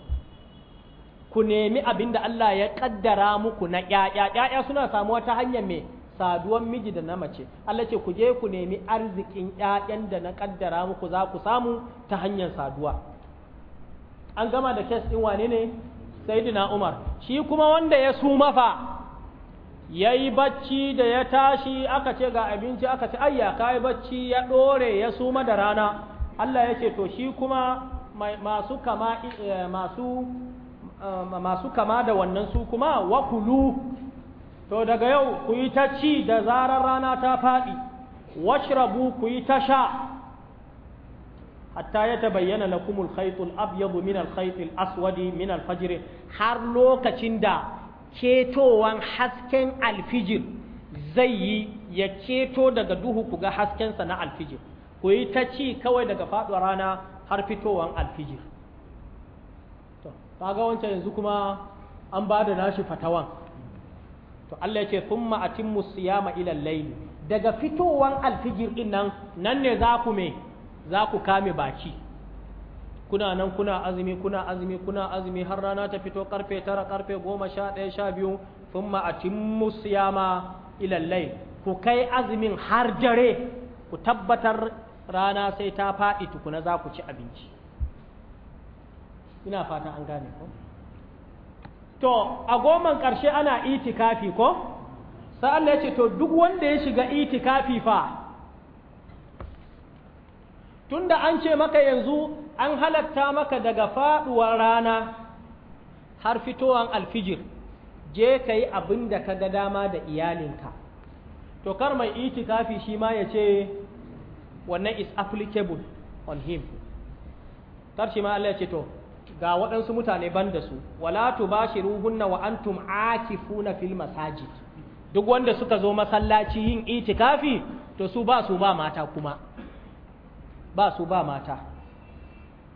ku nemi abin da Allah ya ƙaddara muku na ƴaƴa ƴaƴa suna samuwa ta hanyar me saduwan miji da na mace Allah ce ku je ku nemi arzikin ƴaƴan da na kaddara muku za ku samu ta hanyar saduwa an gama da kes in wane ne sayyidina Umar shi kuma wanda ya suma fa yayi bacci da ya tashi aka ce ga abinci aka ce ayya kai bacci ya dore ya suma da rana Allah ya to shi kuma masu kama eh, masu eh, masu kama da wannan su kuma wakulu to daga yau ku yi ta ci da zarar rana ta faɗi washrabu ku yi ta sha hatta ya tabayyana lakum al-khayt abyadu abyad min al-khayt min al har lokacin da ketowan hasken alfijir zai yi ya keto daga duhu ku ga na alfijir ku yi ta ci kawai daga faɗuwa rana har fitowan alfijir to kaga wancan yanzu kuma an ba da nashi fatawan to Allah ya ce thumma atimmu siyama ila layl daga fitowan alfijir din nan nan ne za ku me za ku kame baki kuna nan kuna azumi kuna azumi kuna azumi har rana ta fito karfe 9 karfe 10 11 12 thumma atimmu siyama ila layl ku kai azumin har dare ku tabbatar rana sai ta faɗi tukuna za ku ci abinci ina fata an gane ko to a goman ƙarshe ana itikafi ko sai Allah ya ce to duk wanda ya shiga itikafi fa tunda an ce maka yanzu an halatta maka daga faduwar rana har fitowan alfijir je ka yi abin da ka ga dama da iyalinka to kar mai itikafi shi ma ya ce wannan is applicable on him kar ma Allah ya ce to ga waɗansu mutane ban da su wala tu ruhunna wa antum akifuna fil masajid duk wanda suka zo masallaci yin itikafi to su ba su ba mata kuma ba su ba mata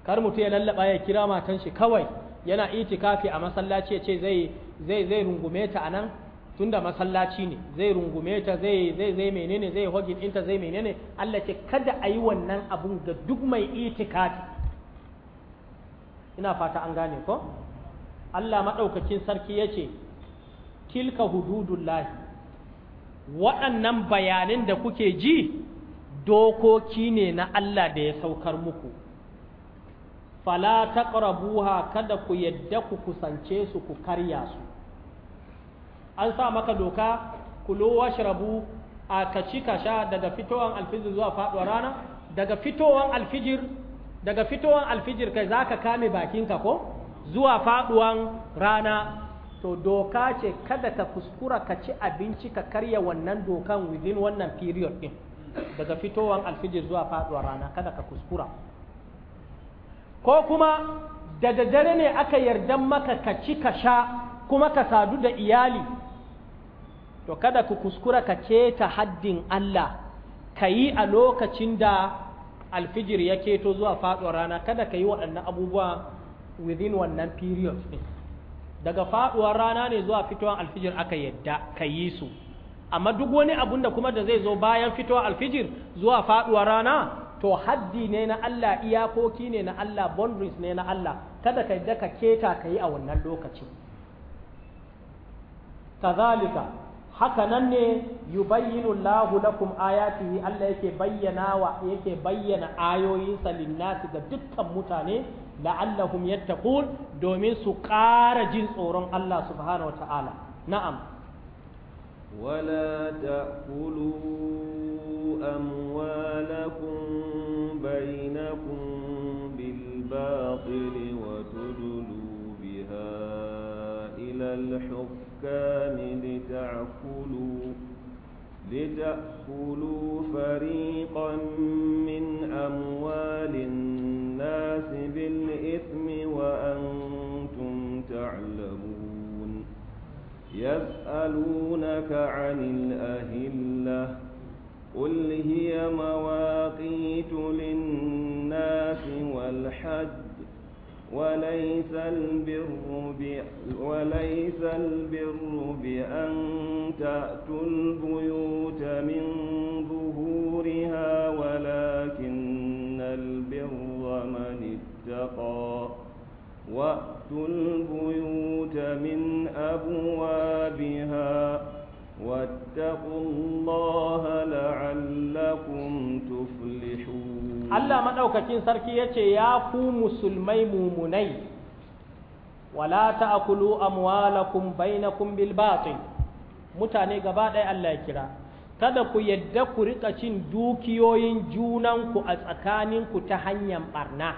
kar mutu ya lallaba ya kira matan shi kawai yana itikafi a masallaci ya ce zai zai zai rungume ta anan tunda masallaci ne zai rungume ta zai zai zai menene zai hogin inta zai menene Allah ce kada ayi wannan abun ga duk mai itikafi ina fata an gane ko Allah maɗaukakin sarki ya ce tilka hududullahi waɗannan bayanin da kuke ji dokoki ne na Allah da ya saukar muku fala taqrabuha kada ku yadda ku kusance su ku karya su an sa maka doka kulo washrabu a kaci kasha daga fitowan alfijir zuwa faduwar rana daga fitowan alfijir daga fitowar alfijir kai za ka kame bakinka ko zuwa faduwan rana to doka ce kada ka kuskura ka ci abinci ka karya wannan dokan within wannan period din daga fitowar alfijir zuwa faduwar rana kada ka kuskura ko kuma da daddare ne aka yarda maka ka ci ka sha kuma ka sadu da iyali to kada ku kuskura ka ta haddin Allah ka yi a lokacin da alfijir ya keto zuwa faɗuwar rana kada ka yi waɗannan abubuwa within wannan period ɗin daga faɗuwar rana ne zuwa fitowar alfijir aka yadda ka yi su amma duk wani abun da kuma da zai zo bayan fitowar alfijir zuwa faɗuwar rana to haddi ne na Allah iyakoki ne na Allah boundaries ne na Allah kada ka yadda ka keta ka yi a wannan lokacin kazalika haka nan ne yubayyinu lahu lakum ayatihi Allah yake bayyana wa yake bayyana ayoyinsa linnasi ga dukkan mutane la'allahum yattaqun domin su ƙara jin tsoron Allah subhanahu wata'ala na'am wala ta'kulu amwalakum bainakum bil batil wa tudlu biha ila al الأكتان لتأكلوا لتأكلوا فريقا من أموال الناس بالإثم وأنتم تعلمون يسألونك عن الأهلة قل هي مواقيت للناس والحج وليس البر, وليس البر بأن تأتوا البيوت من ظهورها ولكن البر من اتقى وأتوا البيوت من أبوابها واتقوا الله لعلكم تفلحون Allah maɗaukakin sarki ya ce ya ku musulmai mumunai wala ta'akulu amwalakum bainakum bil batil mutane gaba ɗaya Allah ya kira kada ku yadda ku rika cin dukiyoyin junanku a tsakaninku ta hanyar barna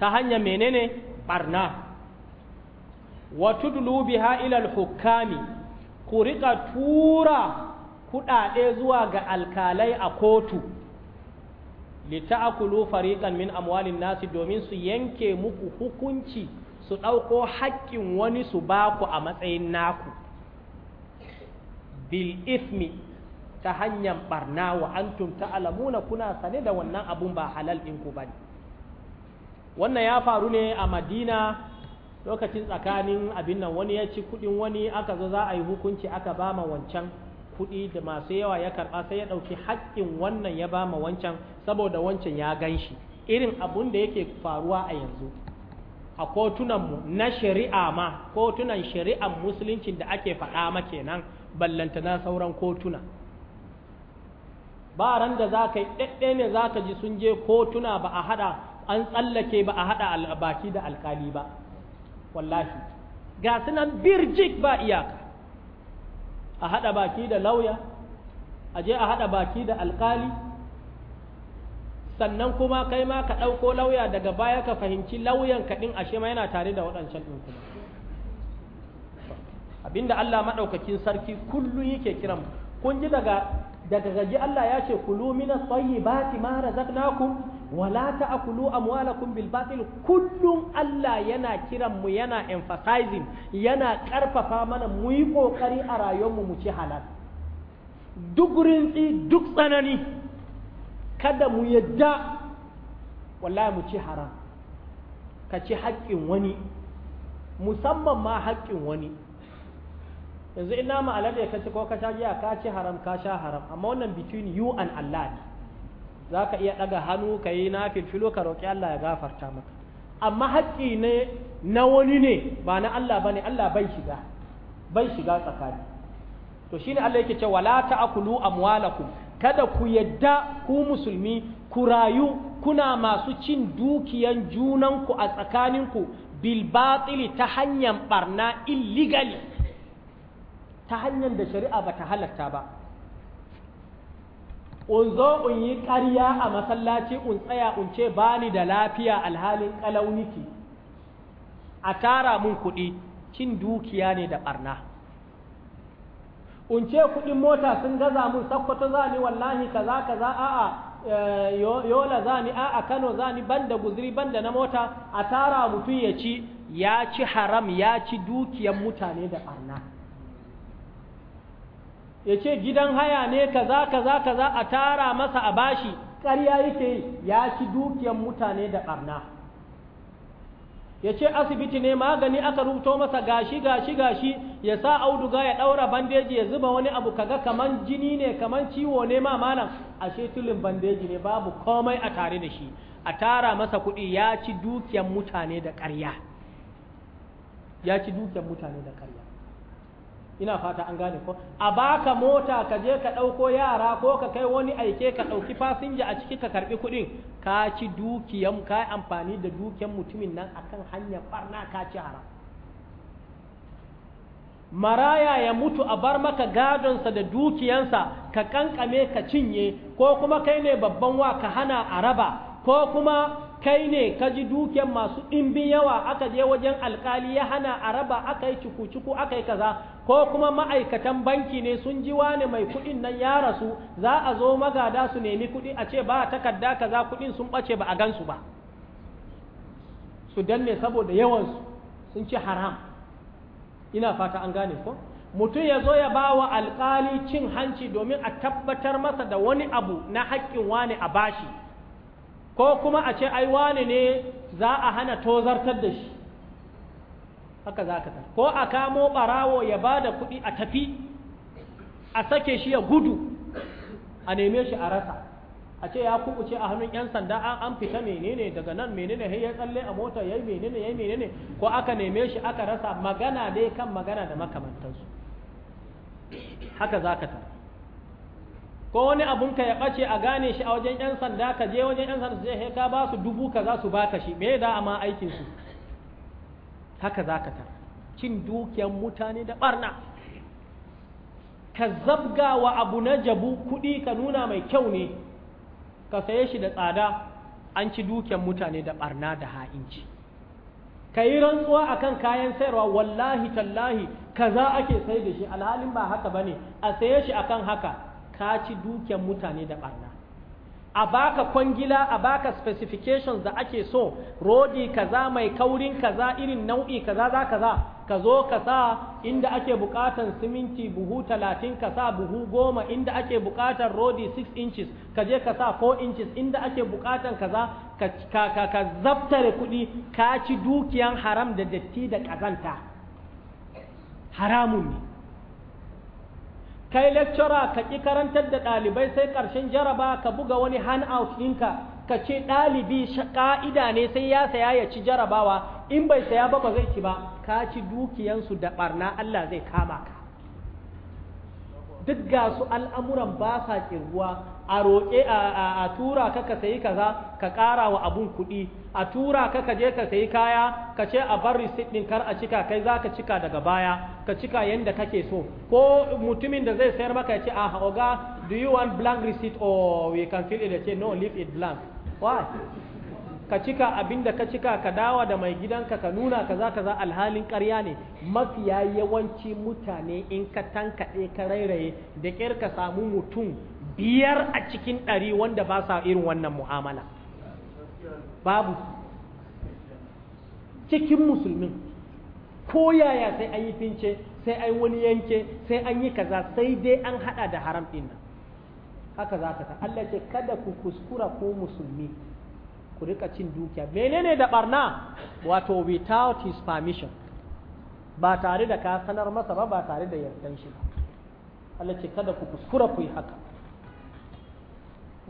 ta hanyar menene barna wa tudlu biha ila al-hukami ku riƙa tura kuɗaɗe zuwa ga alkalai a kotu lita'akulu fariqan min amwalin nasi domin su yanke muku hukunci su ɗauko haƙƙin wani su ba ku a matsayin naku bil ismi ta hanyar barna wa antum ta'lamuna kuna sane da wannan abun ba halal din ku bane wannan ya faru ne a Madina lokacin tsakanin abin nan wani ya ci kudin wani aka zo za a yi hukunci aka bama wancan kuɗi da masu yawa ya karɓa sai ya ɗauki haƙƙin wannan ya ba ma wancan saboda wancan ya gan shi irin abun da yake faruwa a yanzu a kotunan mu na shari'a ma kotunan shari'ar musuluncin da ake faɗa ma kenan ballanta na sauran kotuna ba ran da za ka yi ɗaɗɗe ne za ka ji sun je kotuna ba a haɗa an tsallake ba a haɗa baki da alkali ba wallahi ga sunan birjik ba iyaka a haɗa baki da lauya a je a haɗa baki da alƙali sannan kuma kai ma ka ɗauko lauya daga baya ka fahimci lauyan kaɗin ashe ma yana tare da waɗancan ɗin kuma abinda Allah maɗaukakin sarki kullum yake kiran kun ji daga daga gaji Allah ya ce kulu minas tayyibati ma razaqnakum wala kulu a bil batil kullum Allah yana kiran mu yana emphasizing yana ƙarfafa mana mu yi kokari a rayuwarmu mu ci halal duk rintsi duk tsanani kada mu yadda wallahi mu ci haram ka ci haƙƙin wani musamman ma haƙƙin wani yanzu ina ma alade ka ci ko ka sha giya ka ci haram ka sha haram amma wannan between you and Allah ne za ka iya ɗaga hannu ka yi na filfilo ka roƙi Allah ya gafarta maka amma haƙƙi ne na wani ne ba na Allah ba ne Allah bai shiga bai shiga tsakani to shine Allah yake ce wala ta'kulu amwalakum kada ku yadda ku musulmi ku rayu kuna masu cin dukiyan junanku a tsakaninku bil batili ta hanyar barna illegally ta hanyar da shari'a ba ta halatta ba un zo un yi ƙarya a masallaci un tsaya un ce ba ni da lafiya alhalin ƙalauniki a tara mun kuɗi cin dukiya ne da ɓarna un ce kuɗin mota sun gaza mun sakkwato za ni wallahi kaza kaza a'a eh, yola za ni a'a kano za ni ban banda guziri da na mota a tara mutum ya ci ya ci haram ya ci dukiyan mutane da ɓarna ya ce gidan haya ne kaza kaza kaza a tara masa a bashi ƙarya yake ya ci dukiyar mutane da ɓarna ya ce asibiti ne magani aka rubuto masa gashi gashi gashi ya sa auduga ya ɗaura bandeji ya zuba wani abu kaga kaman jini ne kaman ciwo ne ma malam a tulin bandeji ne babu komai a tare da shi a tara masa kuɗi ya ci dukiyar mutane da ƙarya ina fata an gane ko a baka mota ka je ka ɗauko yara ko ka kai wani aike ka ɗauki fasinja a ciki ka karɓi kuɗin ka ci dukiyan ka yi amfani da dukiyan mutumin nan akan hanyar barna ka ci haram maraya ya mutu a bar maka gadonsa da dukiyansa ka kankame ka cinye ko kuma kai ne babban wa ka hana a raba ko kuma kai ne ka ji dukiyan masu ɗimbin yawa aka je wajen alkali ya hana a raba aka yi cuku-cuku aka yi kaza ko kuma ma'aikatan banki ne sun ji wane mai kuɗin nan ya rasu za a zo magada su nemi kuɗi a ce ba takarda ka za kuɗin sun ɓace ba a gansu ba su danne saboda yawansu sun ci haram ina fata an gane ko mutum ya zo ya ba wa alƙali cin hanci domin a tabbatar masa da wani abu na haƙƙin wane a bashi ko kuma a ce ai wani ne za a hana tozartar da shi haka za ka ko a kamo ɓarawo ya ba da kuɗi a tafi a sake shi ya gudu a neme shi a rasa a ce ya kubuce a hannun 'yan sanda an fita menene daga nan menene ya tsalle a mota ya yi menene ya yi menene ko aka neme shi aka rasa magana dai kan magana da makamantansu haka za ka tara ko wani abun ka ya ɓace a gane shi a wajen 'yan sanda ka je wajen 'yan sanda su je ka ba su dubu ka za su ba ka shi me da amma aikinsu haka za ka tara cin dukiyar mutane da barna ka zabga wa abu na jabu kuɗi ka nuna mai kyau ne ka saye shi da tsada an ci dukiyar mutane da barna da ha'inci ka yi rantsuwa a kan kayan sayarwa wallahi tallahi kaza ake sai da shi alhalin ba haka ba ne, a saye shi a kan haka ka ci dukiyar mutane da barna a baka kwangila a baka specifications da ake so rodi kaza mai kaurin kaza irin nau'i kaza za kaza ka zo ka sa inda ake bukatan siminti buhu talatin ka sa buhu goma inda ake bukatan rodi 6 inches ka je ka sa 4 inches inda ake bukatan kaza ka, ka, ka, ka zabtare kudi ka ci dukiyan haram da datti da kazanta haramun ne kai lecturer ka ƙi karantar da ɗalibai sai ƙarshen jaraba ka buga wani handout ɗinka ka ce ɗalibi ƙa'ida ne sai ya saya ya ci jarabawa in bai saya ba ba zai ci ba ka ci dukiyansu da ɓarna Allah zai kama ka duk ga su al'amuran ba sa ƙirguwa a roƙe a tura ka ka sayi kaza ka ƙara wa abun kuɗi a tura ka ka je ka sayi kaya ka ce a bar receipt ɗin kar a cika kai za ka cika daga baya ka cika yanda kake so ko mutumin da zai sayar maka ya ce ah oga do you want blank receipt or we can fill it ya ce no leave it blank why ka cika abinda ka cika ka dawa da mai gidanka ka nuna ka za ka za alhalin ƙarya ne mafiya yawanci mutane in ka tankaɗe ka rairaye da ƙyar ka samu mutum biyar a cikin ɗari wanda ba sa irin wannan mu'amala babu cikin musulmin ko yaya sai an yi fince sai an wani yanke sai an yi kaza sai dai an hada da haram din nan haka za ka ta Allah ce kada ku kuskura ko musulmi ku rika cin dukiya menene da barna wato without his permission ba tare da ka sanar masa ba ba tare da yardan shi ba Allah ce kada ku kuskura ku yi haka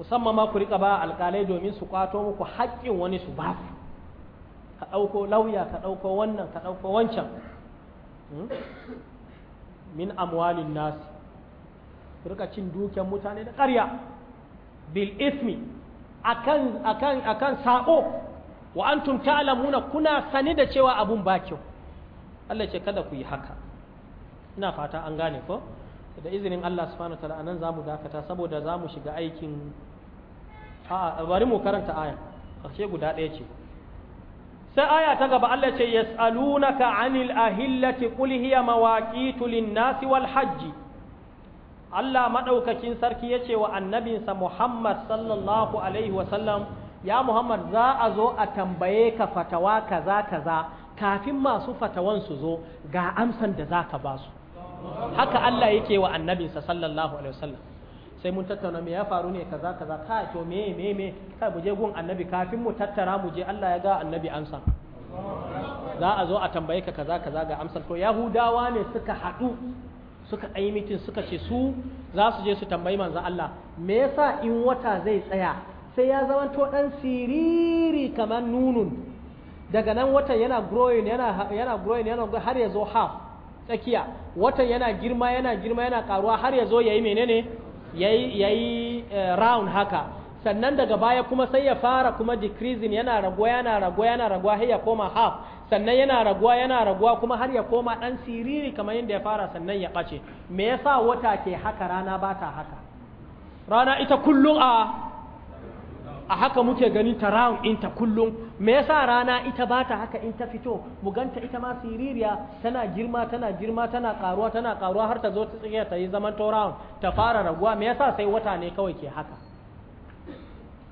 musamman ma ku rika ba alƙalai domin su kwato muku haƙƙin wani su ba su ka ɗauko lauya ka ɗauko wannan ka ɗauko wancan hmm? min amwalin nasi rika cin dukiyar mutane da ƙarya bil ismi akan akan wa an wa antum ta'lamuna kuna sani da cewa abun ba kyau Allah ce kada ku yi haka ina fata an gane ko da izinin Allah subhanahu nan anan zamu dakata saboda zamu shiga aikin a bari mu karanta aya ƙarshe guda ɗaya ce sai aya ta gaba Allah ce yas'alunaka anil ahillati qul hiya mawaqitu lin-nasi wal hajji Allah madaukakin sarki yace wa annabinsa Muhammad sallallahu alaihi wa sallam ya Muhammad za a zo a tambaye ka fatawa kaza kaza kafin masu fatawan su zo ga amsan da zaka ba su haka Allah yake wa annabinsa sallallahu alaihi wa sallam sai mun tattauna me ya faru ne kaza kaza ka to me me me kai mu gun annabi kafin mu tattara mu je Allah ya ga annabi amsa za a zo a tambaye ka kaza kaza ga amsar to yahudawa ne suka haɗu suka ɗayi mitin suka ce su za su je su tambayi manzo Allah me yasa in wata zai tsaya sai ya zamanto dan siriri kamar nunun daga nan watan yana growing yana yana growing yana har ya zo half tsakiya watan yana girma yana girma yana karuwa har ya zo yayi menene ya yi eh, round haka sannan daga baya kuma sai ya fara kuma decreasing yana raguwa yana raguwa yana raguwa har ya koma half sannan yana raguwa yana raguwa kuma har ya koma dan siriri kamar yadda ya fara sannan ya ɓace me yasa wata ke haka rana ba ta haka rana ita kullum a a haka muke ganin ta round ɗinta kullum me yasa rana ita ba ta haka in ta fito mu ganta ita ma siririya tana girma tana girma tana karuwa tana karuwa har ta zo ta tsaye ta yi zaman taurawa, ta fara raguwa me yasa sai wata ne kawai ke haka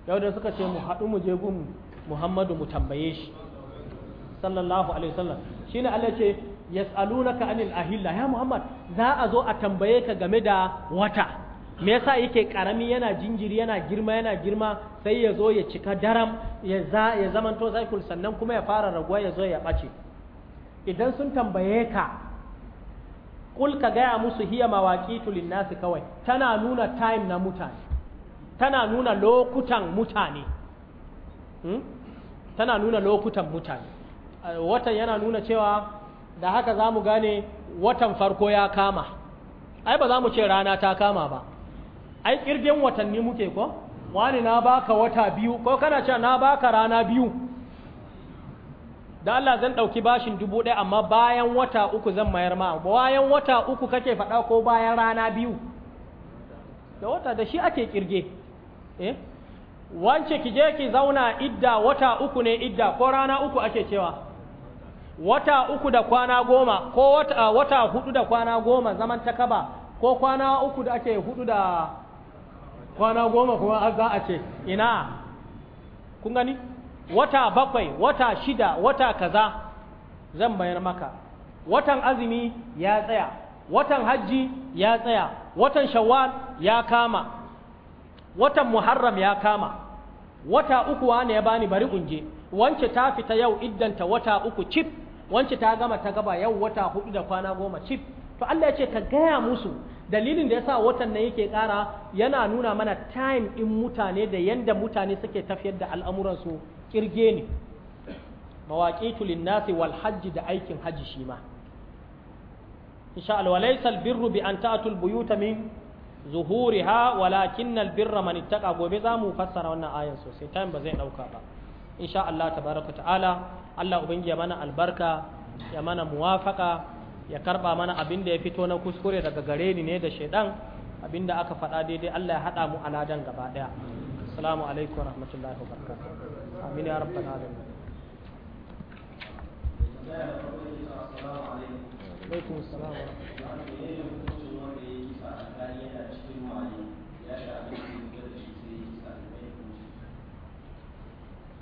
yau da suka ce mu haɗu mu je gun Muhammadu mu tambaye shi sallallahu alaihi wasallam shine Allah ce yas'alunaka anil ahilla ya Muhammad za a zo a tambaye ka game da wata me yasa yake karami yana jinjiri yana girma yana girma sai ya zo ya cika daram ya za ya zamanto cycle sannan kuma ya fara raguwa ya zo ya bace idan sun tambaye ka kul ka gaya musu hiya mawaqitu linnasi kawai tana nuna time na mutane tana nuna lokutan mutane hmm? tana nuna lokutan mutane uh, watan yana nuna cewa da haka za mu gane watan farko ya kama ai ba za mu ce rana ta kama ba ai kirgen watanni muke ko wani na baka wata biyu ko kana cewa na baka rana biyu da Allah zan ɗauki bashin dubu ɗaya amma bayan wata uku zan mayar ma bayan wata uku kake faɗa ko bayan rana biyu da wata da shi ake kirge eh wance ki je ki zauna idda wata uku ne idda ko rana uku ake cewa wata uku da kwana goma ko wata, wata hudu da kwana goma zaman takaba ko kwana uku da ake hudu da kwana goma kuma za a ce ina kun gani wata bakwai wata shida wata kaza zan bayar maka watan azumi ya tsaya watan hajji ya tsaya watan shawwal ya kama watan muharram ya kama wata uku wane ya bani bari unje wance ta fita yau iddanta wata uku cif wance ta gama ta gaba yau wata hudu da kwana goma cif to Allah ya ce ka gaya musu dalilin da ya sa watan nan yake ƙara yana nuna mana time ɗin mutane da yanda mutane suke tafiyar da al'amuransu kirge ne mawaqitu linnasi wal hajji da aikin haji shi ma insha Allah walaysa albirru bi an ta'tu albuyuta min zuhuriha walakin albirra man ittaqa gobe zamu fassara wannan ayan sosai time ba zai dauka ba insha Allah tabaraka ta'ala Allah ya mana albarka ya mana muwafaka ya karba mana abin da ya fito na kuskure daga gare ni ne da shaidan abin da aka faɗa daidai Allah ya haɗa mu a aladan gaba ɗaya assalamu alaikum wa rahmatullahi wa barakatuh amin ya rabbal alamin alaikum assalam wa rahmatullahi wa barakatuh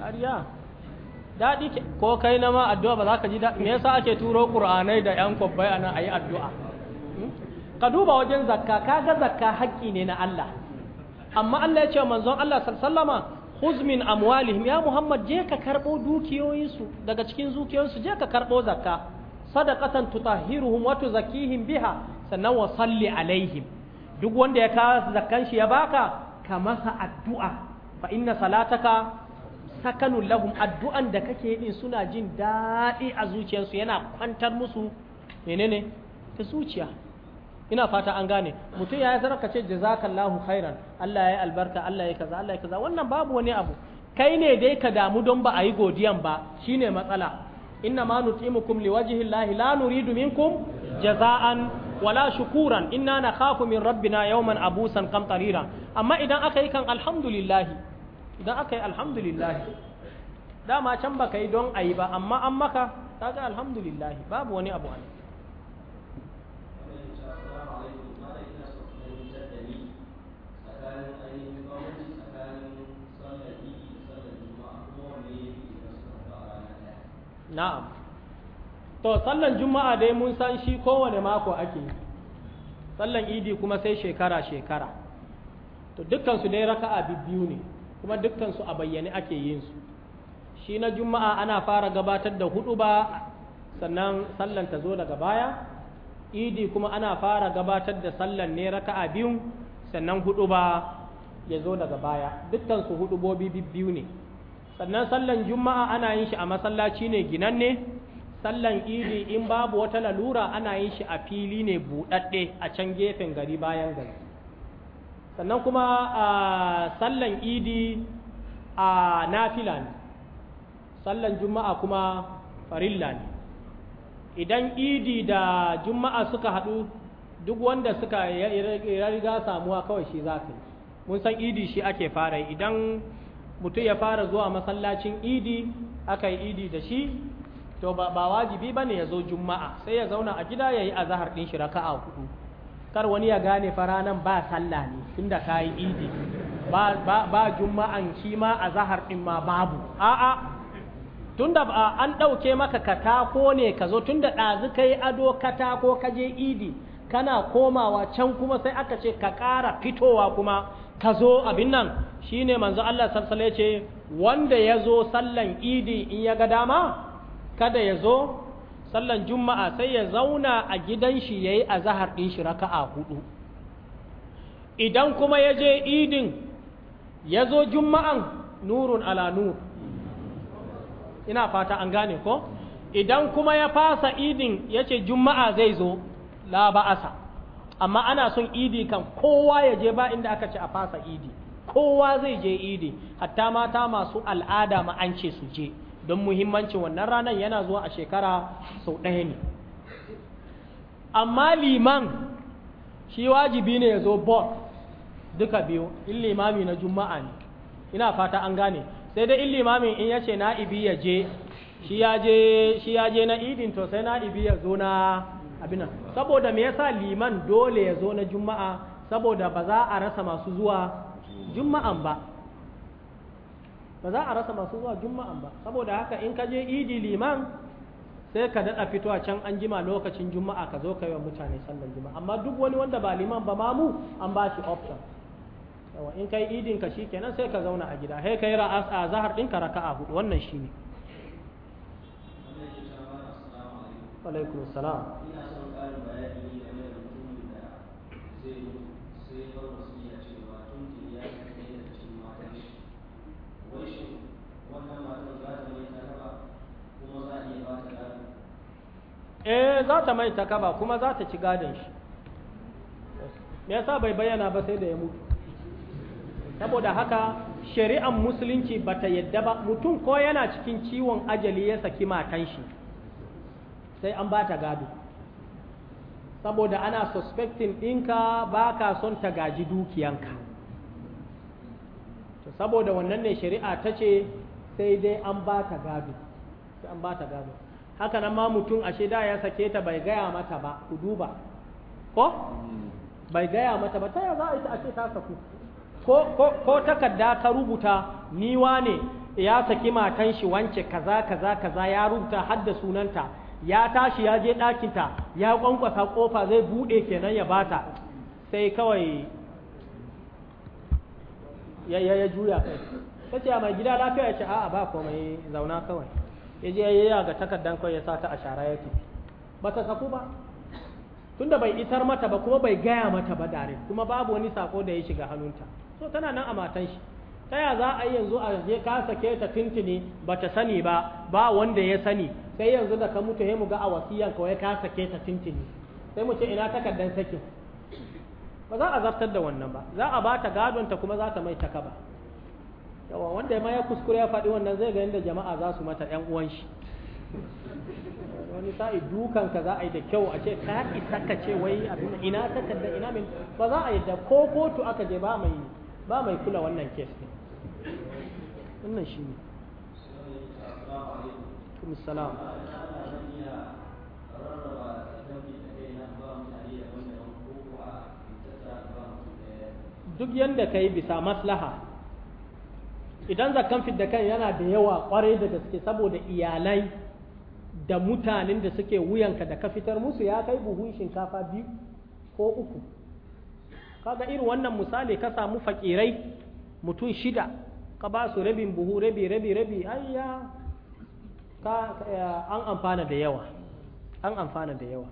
kariya daɗi ko kai na ma addu'a ba za ka ji daɗi me yasa ake turo ƙur'anai da ƴan kwabbai a nan a yi addu'a hmm? ka duba wajen zakka ka ga zakka haƙƙi ne na Allah amma Allah ya ce manzon Allah sallama khuz min amwalihim ya Muhammad je ka karɓo dukiyoyinsu daga cikin dukiyoyinsu je ka karɓo zakka sadaqatan tutahhiruhum wa tuzakkihim biha sannan wa salli alaihim duk wanda ya kawo zakkan shi ya baka ka masa addu'a fa inna salataka sakanun lahum addu'an da kake yin suna jin daɗi a zuciyarsu yana kwantar musu menene ta zuciya ina fata an gane mutum ya yi ce jazakallahu khairan Allah ya yi albarka Allah ya kaza Allah ya kaza wannan babu wani abu kai ne dai ka damu don ba a yi godiyan ba shine matsala inna ma nutimukum liwajhi llahi la nuridu minkum jaza'an wala shukuran inna nakhafu min rabbina yawman abusan qamtarira amma idan aka yi kan alhamdulillah idan aka yi alhamdulillah dama can baka yi don a yi ba amma an maka ta ga alhamdulillah babu wani abu ne na'am to sallan juma'a dai mun san shi kowane mako ake yi sallan idi kuma sai shekara shekara to dukkan su dai raka'a biyu ne kuma dukkan su a bayyane ake yin su shi na juma'a ana fara gabatar da hudu ba sannan sallan ta zo daga baya idi kuma ana fara gabatar da sallan ne raka'a biyu sannan hudu ba ya zo daga baya dukkan su hudu bobi biyu ne sannan sallan juma'a ana yin shi a masallaci ne ginanne sallan idi in babu wata lalura ana yin shi a fili ne buɗaɗɗe a can gefen gari bayan gari sannan kuma a sallan idi a nafila ne sallan juma'a kuma farilla ne idan idi da juma'a suka haɗu duk wanda suka riga samuwa kawai shi za ka yi mun san idi shi ake fara idan mutum ya fara zuwa masallacin idi aka yi idi da shi to ba wajibi ba ne ya zo juma'a sai ya zauna a gida ya yi a zahar ɗin shi raka'a hudu kar wani ya gane faranan ba sallah ne tunda ka idi ba, ba, ba juma'an shi ma a zahar ɗin ma babu a'a tunda ba an ɗauke maka katako ne ka zo tunda ɗazu ka yi ado katako ka je idi kana komawa can kuma sai aka ce ka ƙara fitowa kuma ka zo abin nan shine manzo Allah sarsale ce wanda ya zo sallan idi in ya ga dama kada ya zo sallan juma'a sai ya zauna a gidan shi yayi azhar ɗin shi raka'a hudu idan kuma ya je idin ya zo juma'an nurun ala nur ina fata an gane ko idan kuma ya fasa idin ya ce juma'a zai zo la ba'asa amma ana son idi kan kowa ya je ba inda aka ce a fasa idi kowa zai je idi hatta mata masu al'ada ma an ce su je don muhimmancin wannan ranar yana zuwa a shekara sau ɗaya ne amma liman shi wajibi ne ya zo bot duka biyu in limami na juma'a ne ina fata an gane sai dai in limamin in ya ce na'ibi ya je shi ya je na idin to sai na'ibi ya zo na abinan saboda me yasa liman dole ya zo na juma'a saboda ba za a rasa masu zuwa juma'an ba ba za a rasa masu zuwa juma'an ba saboda haka in ka je idi liman sai ka daɗa a can an jima lokacin juma'a ka zo ka yi wa mutane sallan juma'a amma duk wani wanda ba liman ba mamu an ba shi option yawa in kai idin ka shi kenan sai ka zauna a gida sai kai ra'as a zahar ɗinka raka'a hudu wannan shi ne alaikum yi sai Eh, za ta mai ta eh za ta mai takaba kuma za ta ci gadon shi me yasa bai bayyana ba sai da ya mutu saboda haka shari'an musulunci ta yadda ba mutum ko yana cikin ciwon ajali ya saki matan shi sai an ba ta gado saboda ana suspecting ɗinka ba ka son ta gaji dukiyanka saboda wannan ne shari'a ta ce sai dai an ba ta gado sai an ba ta gado haka nan ma mutum ashe da ya sake ta bai gaya mata ba ku duba ko mm. bai gaya mata ba ta za a yi ta ashe ta saku ko ko takarda ka rubuta ni wane ya saki matan shi wance kaza kaza kaza ya rubuta har da sunanta ya tashi ya je ɗakinta ya kwankwasa kofa zai buɗe kenan ya bata sai kawai ya juya kai ta ce mai gida lafiya ya ce a'a ba komai zauna kawai ya je ya ga takardan kawai ya sa a shara ya tafi ba ta saku ba tunda bai isar mata ba kuma bai gaya mata ba dare kuma babu wani sako da ya shiga hannunta so tana nan a matan shi ta ya za a yi yanzu a je ka sake ta tintini ba ta sani ba ba wanda ya sani sai yanzu da ka mutu he mu ga a wasiyan kawai ka sake ta tuntuni sai mu ce ina takardan sakin ba za a zartar da wannan ba za a ba ta gadonta kuma za ta mai ta kaba yawa wanda ma ya kuskure ya faɗi wannan zai ga yadda jama'a za su mata ƴan uwan shi wani sa'i dukan ka za a yi da kyau a ce ka isa ka ce wai abin ina takarda ina min ba za a yi da ko kotu aka je ba mai ba mai kula wannan kes ne wannan shi ne kuma alaikum duk yanda ka yi bisa maslaha idan zakan fidda kan yana da yawa kwarai da gaske saboda iyalai da mutanen da suke wuyanka da ka fitar musu ya kai buhun shinkafa biyu ko uku kaga irin wannan misali ka samu fakirai mutum shida ka ba su rabin buhu rabi rabi rabi ayya ka an amfana da yawa an amfana da yawa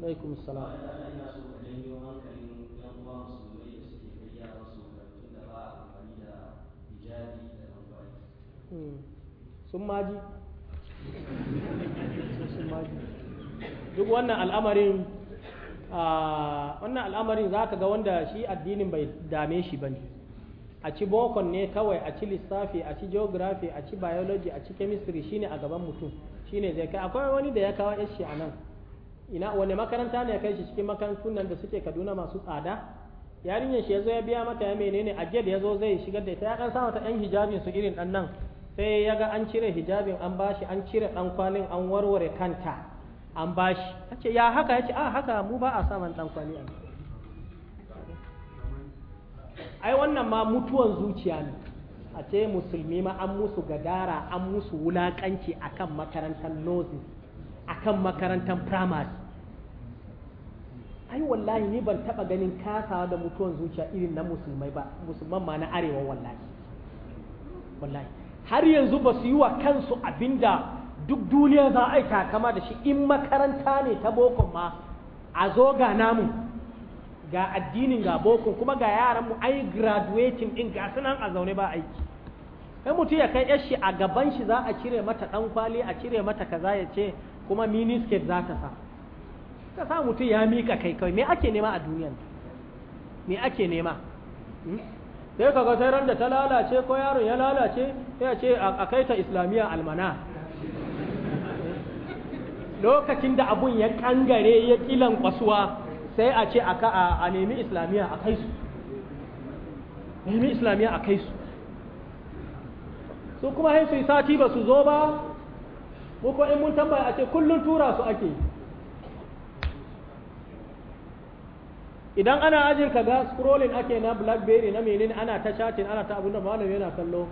alaikum sun maji sun maji duk wannan al'amarin wannan al'amarin za ka ga wanda shi addinin bai dame shi ba ne a ci bokon ne kawai a ci lissafi a ci geography a ci biology a ci chemistry shine a gaban mutum shine zai kai akwai wani da ya kawo yashi a nan ina wanne makaranta ne ya kai shi cikin makarantun nan da suke Kaduna masu tsada yarinyar shi yazo ya biya mata ya menene jiya da yazo zai shigar da ita ya kan sa mata ɗan hijabin su irin dan nan sai ya ga an cire hijabin an bashi an cire dan kwalin an warware kanta an bashi ce ya haka yace a ah, haka mu ba a saman dan kwali a ai wannan ma mutuwan zuciya ne a ce musulmi ma an musu gadara an musu wulakanci akan makarantar nozis akan makarantar primary ai wallahi ni ban taba ganin kasawa da mutuwan zuciya irin na musulmai ba musulman ma na arewa wallahi wallahi har yanzu ba su yi wa kansu abinda duk duniya za a yi takama da shi in makaranta ne ta boko ma a zo ga namu ga addinin ga bokon kuma ga yaran mu ai graduating din ga sunan a zaune ba aiki kai mutum ya kai yashi a gaban shi za a cire mata dan kwali a cire mata kaza ya ce kuma miniskirt za ta sa ka sa mutum ya mika kai kai me ake nema a duniyan me ake nema hmm? sai ka sai ran da ta lalace ko yaron ya lalace sai a ce a kai ta islamiyya almana lokacin da abun ya kangare ya kilan kwasuwa sai a ce a nemi islamiyya a kai su nemi islamiyya a kai su su kuma haisu sati ba su zo ba ko in mun tambaya a ce kullum tura su ake idan ana ajin ka ga scrolling ake na blackberry na menene ana ta chatting ana ta abin da malam yana kallo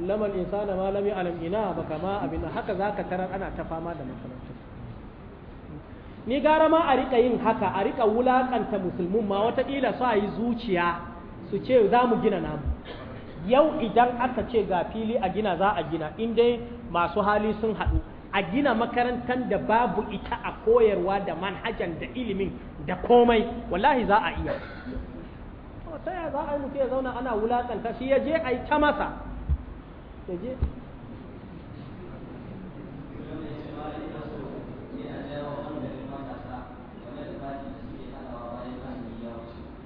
allama al-insana ma lam ya'lam ina ba kama abin haka zaka tarar ana ta fama da makarantu ni gara ma a rika yin haka a rika wulakanta musulmin ma watakila su ayi yi zuciya su ce za mu gina namu yau idan aka ce ga fili a gina za a gina in dai masu hali sun haɗu a gina makarantar da babu ita a koyarwa da manhajan da ilimin da komai wallahi za a iya ta ya za a yi mutu ya zauna ana wulaƙanta shi ya je a yi ta masa ya je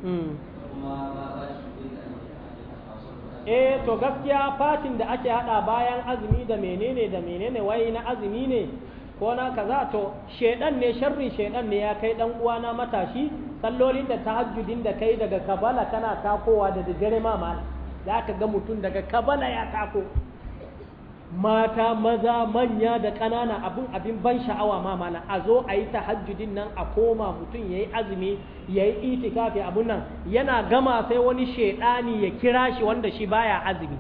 hmm. eh to gaskiya fatin da ake hada bayan azumi da menene da menene wai na azumi ne ko na kaza to shedan ne sharrin shedan ne ya kai dan uwana matashi sallolin da tahajjudin da kai daga kabala kana takowa da dare ma mal za ka ga mutum daga kabala ya tako mata maza manya da ƙanana abin abin ban sha'awa ma mana a zo a yi tahajjudin nan a koma mutum ya yi azumi ya yi itikafi abun nan yana gama sai wani shaidani ya kira shi wanda shi baya azumi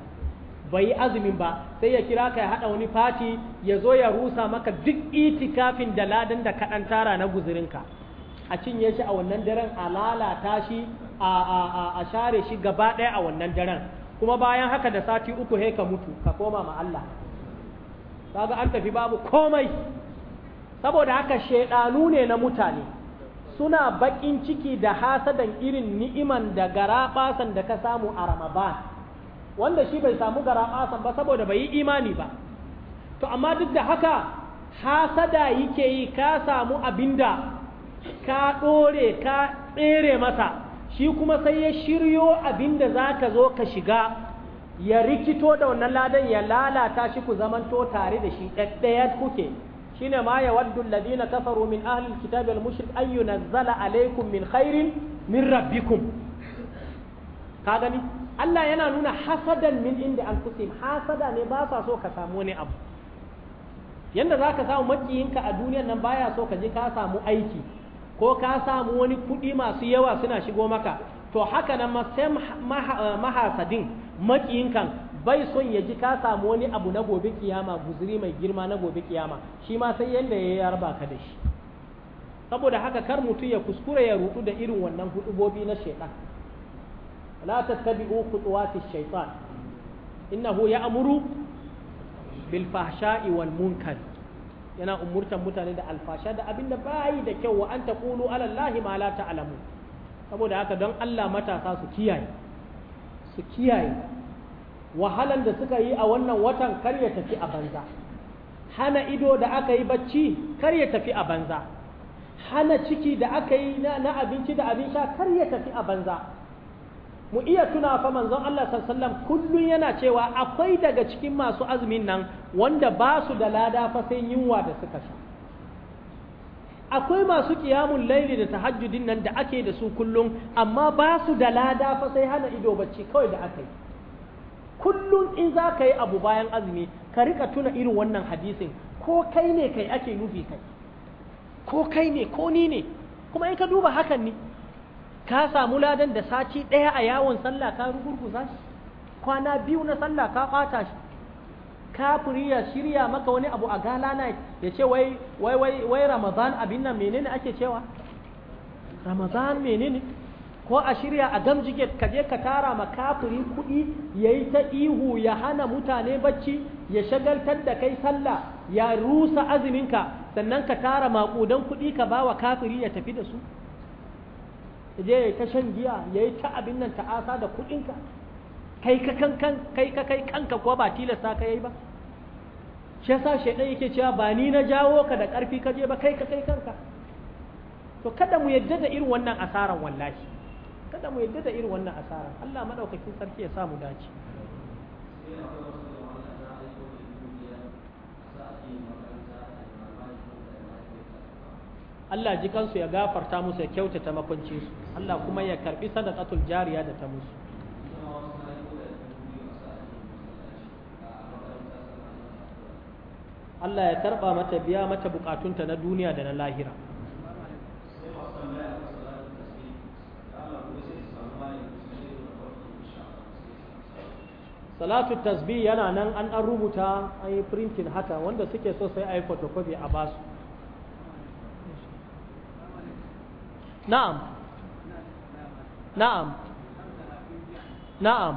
bai yi azumin ba sai ya kira ka ya haɗa wani fati ya zo ya rusa maka duk itikafin da ladan da kaɗan tara na guzurinka a cinye shi a wannan daren a lalata shi a share shi gaba ɗaya a wannan daren kuma bayan haka da sati uku he ka mutu ka koma ma Allah kaga an tafi babu komai saboda haka shedanu ne na mutane suna bakin ciki da hasadan irin ni'iman da garabasan da ka samu a ramadan wanda shi bai samu garabasan ba saboda bai yi imani ba to amma duk da haka hasada yake yi ka samu abinda ka dore ka tsere masa shi kuma sai ya shiryo abinda zaka zo ka shiga ya rikito da wannan ladan ya lalata shi ku zamanto tare da shi ɗaɗɗaya kuke shine ma ya waddu alladhina kafaru min ahli alkitabi almushrik an yunzala alaykum min khairin min rabbikum ka gani Allah yana nuna hasadan min inda anfusihim hasada ne ba sa so ka samu wani abu yanda zaka samu makiyinka a duniyar nan baya so ka je ka samu aiki ko ka samu wani kuɗi masu yawa suna shigo maka to haka nan mahasadin makiyinkan bai son ya ji ka samu wani abu na gobe kiyama guzuri mai girma na gobe kiyama shi ma sai yadda ya raba ka da shi saboda haka kar mutum ya kuskure ya rutu da irin wannan hudubobi na shaitan la tattabi'u khutuwati shaitan innahu ya'muru bil fahsha'i wal munkar yana umurtan mutane da alfasha da abin abinda yi da kyau wa an ta ala allahi ma la ta'lamu saboda haka don Allah matasa su kiyaye su kiyaye wahalan da suka yi a wannan watan kar ya tafi a banza hana ido da aka yi bacci kar ya tafi a banza hana ciki da aka yi na abinci da abin sha kar ya tafi a banza mu iya tuna fa manzon Allah sallallahu Alaihi kullun yana cewa akwai daga cikin masu azumin nan wanda ba su da lada fa sai yunwa da suka sha akwai masu kiyamun laili da tahajjudin nan da ake da su kullum amma ba su da lada fa sai hana ido bacci kawai da aka yi kullum in za ka yi abu bayan azumi ka rika tuna irin wannan hadisin ko kai ne kai ake nufi kai ko kai ne ko ni ne kuma in ka duba hakan ne ka samu ladan da sati ɗaya a yawon sallah ka rugurguza shi kwana biyu na sallah ka kwata shi kafiri ya shirya maka wani abu a gala night ya ce wai wai wai ramadan abin nan menene ake cewa ramadan menene ko a shirya a gamjiget ka je ka tara ma kafiri kuɗi ya yi ta ihu ya hana mutane bacci ya shagaltar da kai sallah ya rusa ka sannan ka tara maƙudan kuɗi ka ba wa kafiri ya tafi da su je ya ta shan giya ya yi ta abin nan ta'asa da kuɗinka kai ka kan kai ka kai kanka ko ba tilasta ka yi ba shi yasa shaidan yake cewa ba ni na jawo ka da ƙarfi ka je ba kai ka kai kanka to kada mu yadda da irin wannan asaran wallahi kada mu yadda da irin wannan asaran Allah madaukakin sarki ya sa mu dace Allah ji kansu ya gafarta musu ya kyautata makwancin su Allah kuma ya karbi sadaqatul jariya da ta musu Allah ya karba mata biya mata bukatunta na duniya da na lahira salatu tasbih yana nan an an rubuta an yi printing haka wanda suke so sai a yi photocopy a basu na'am na'am na'am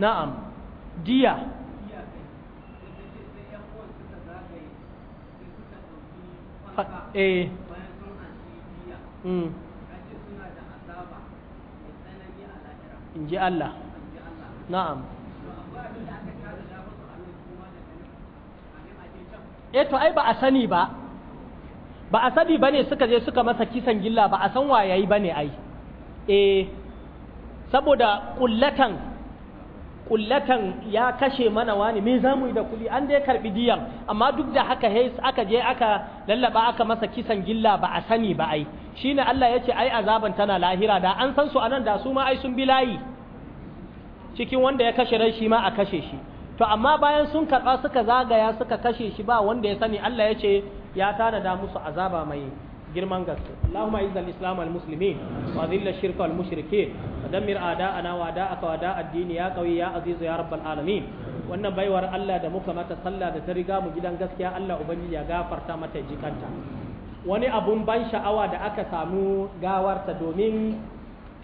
na'am diya eh hmm. ji Allah na'am eh to ai ba a sani ba ba a sani ba ne suka je suka masa kisan gilla ba a san wayayi ba ne ai eh saboda kullatan kullatan ya kashe mana wani me za mu yi da kuli an dai karɓi diyan amma duk da haka hei aka je aka lallaba aka masa kisan gilla ba a sani ba ai shine Allah yace ai azaban tana lahira da an san su anan da su ma ai sun bi layi cikin wanda ya kashe rai shi ma a kashe shi to amma bayan sun karɓa suka zagaya suka kashe shi ba wanda ya sani Allah ya ce ya tanada musu azaba mai girman gaske Allahumma izz al-islam al-muslimin wa dhill ash-shirk al-mushrikeen wa dammir a'da'ana wa da'aka wa da'a ad ya qawi ya aziz ya rabbal alamin wannan baiwar Allah da muka mata sallah da ta riga mu gidan gaskiya Allah ubangiji ya gafarta mata jikanta wani abun ban sha'awa da aka samu gawarta domin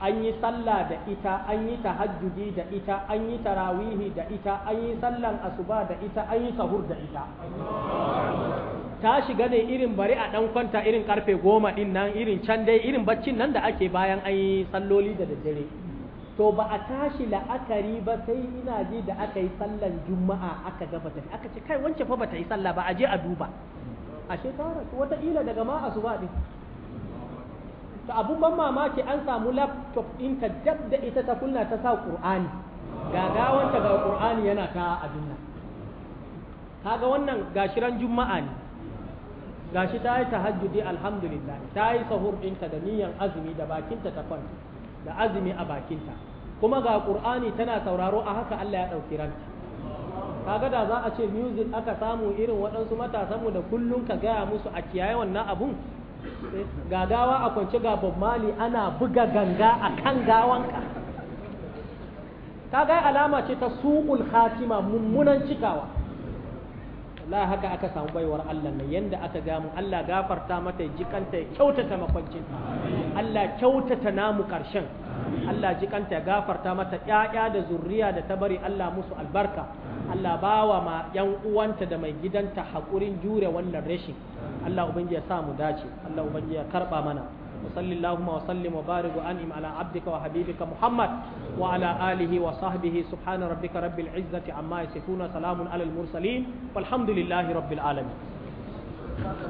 an yi sallah da ita an yi tahajjudi da ita an yi tarawihi da ita an yi sallan asuba da ita an yi sahur da ita ta shiga ne irin bari a ɗan kwanta irin karfe goma ɗin nan irin can dai irin baccin nan da ake bayan an yi salloli da daddare to ba a tashi la'akari ba sai ina ji da aka yi sallan juma'a aka gaba tafi aka ce kai wance fa bata yi sallah ba a je a duba ashe ta rasu wataƙila daga ma asuba din to abun ban mamaki an samu laptop ɗinta dab da ita ta kunna ta sa ƙur'ani gawanta ga ƙur'ani yana ta abin nan kaga wannan gashiran juma'a ne gashi ta yi tahajjudi alhamdulillah ta yi sahur ɗinta da niyyar azumi da bakinta ta kwanta da azumi a bakinta kuma ga qur'ani tana sauraro a haka Allah ya ɗauki ranta kaga da za a ce music aka samu irin waɗansu matasanmu da kullum ka gaya musu a kiyaye wannan abun gagawa a kwance ga Bob Marley ana buga ganga a kan gawanka kaga alama ce ta su'ul khatima mummunan cikawa la haka aka samu baiwar Allah ne yanda aka ga mu Allah gafarta mata jikanta ya kyautata makwancin Allah kyautata namu karshen Allah jikanta ya gafarta mata ƴaƴa da zurriya da ta bari Allah musu albarka Allah bawa ma yan uwanta da mai gidanta hakurin jure wannan rashin Allah ubangiji ya sa mu dace Allah ubangiji ya karba mana وصل اللهم وسلم وبارك وانعم على عبدك وحبيبك محمد وعلى اله وصحبه سبحان ربك رب العزه عما يصفون سلام على المرسلين والحمد لله رب العالمين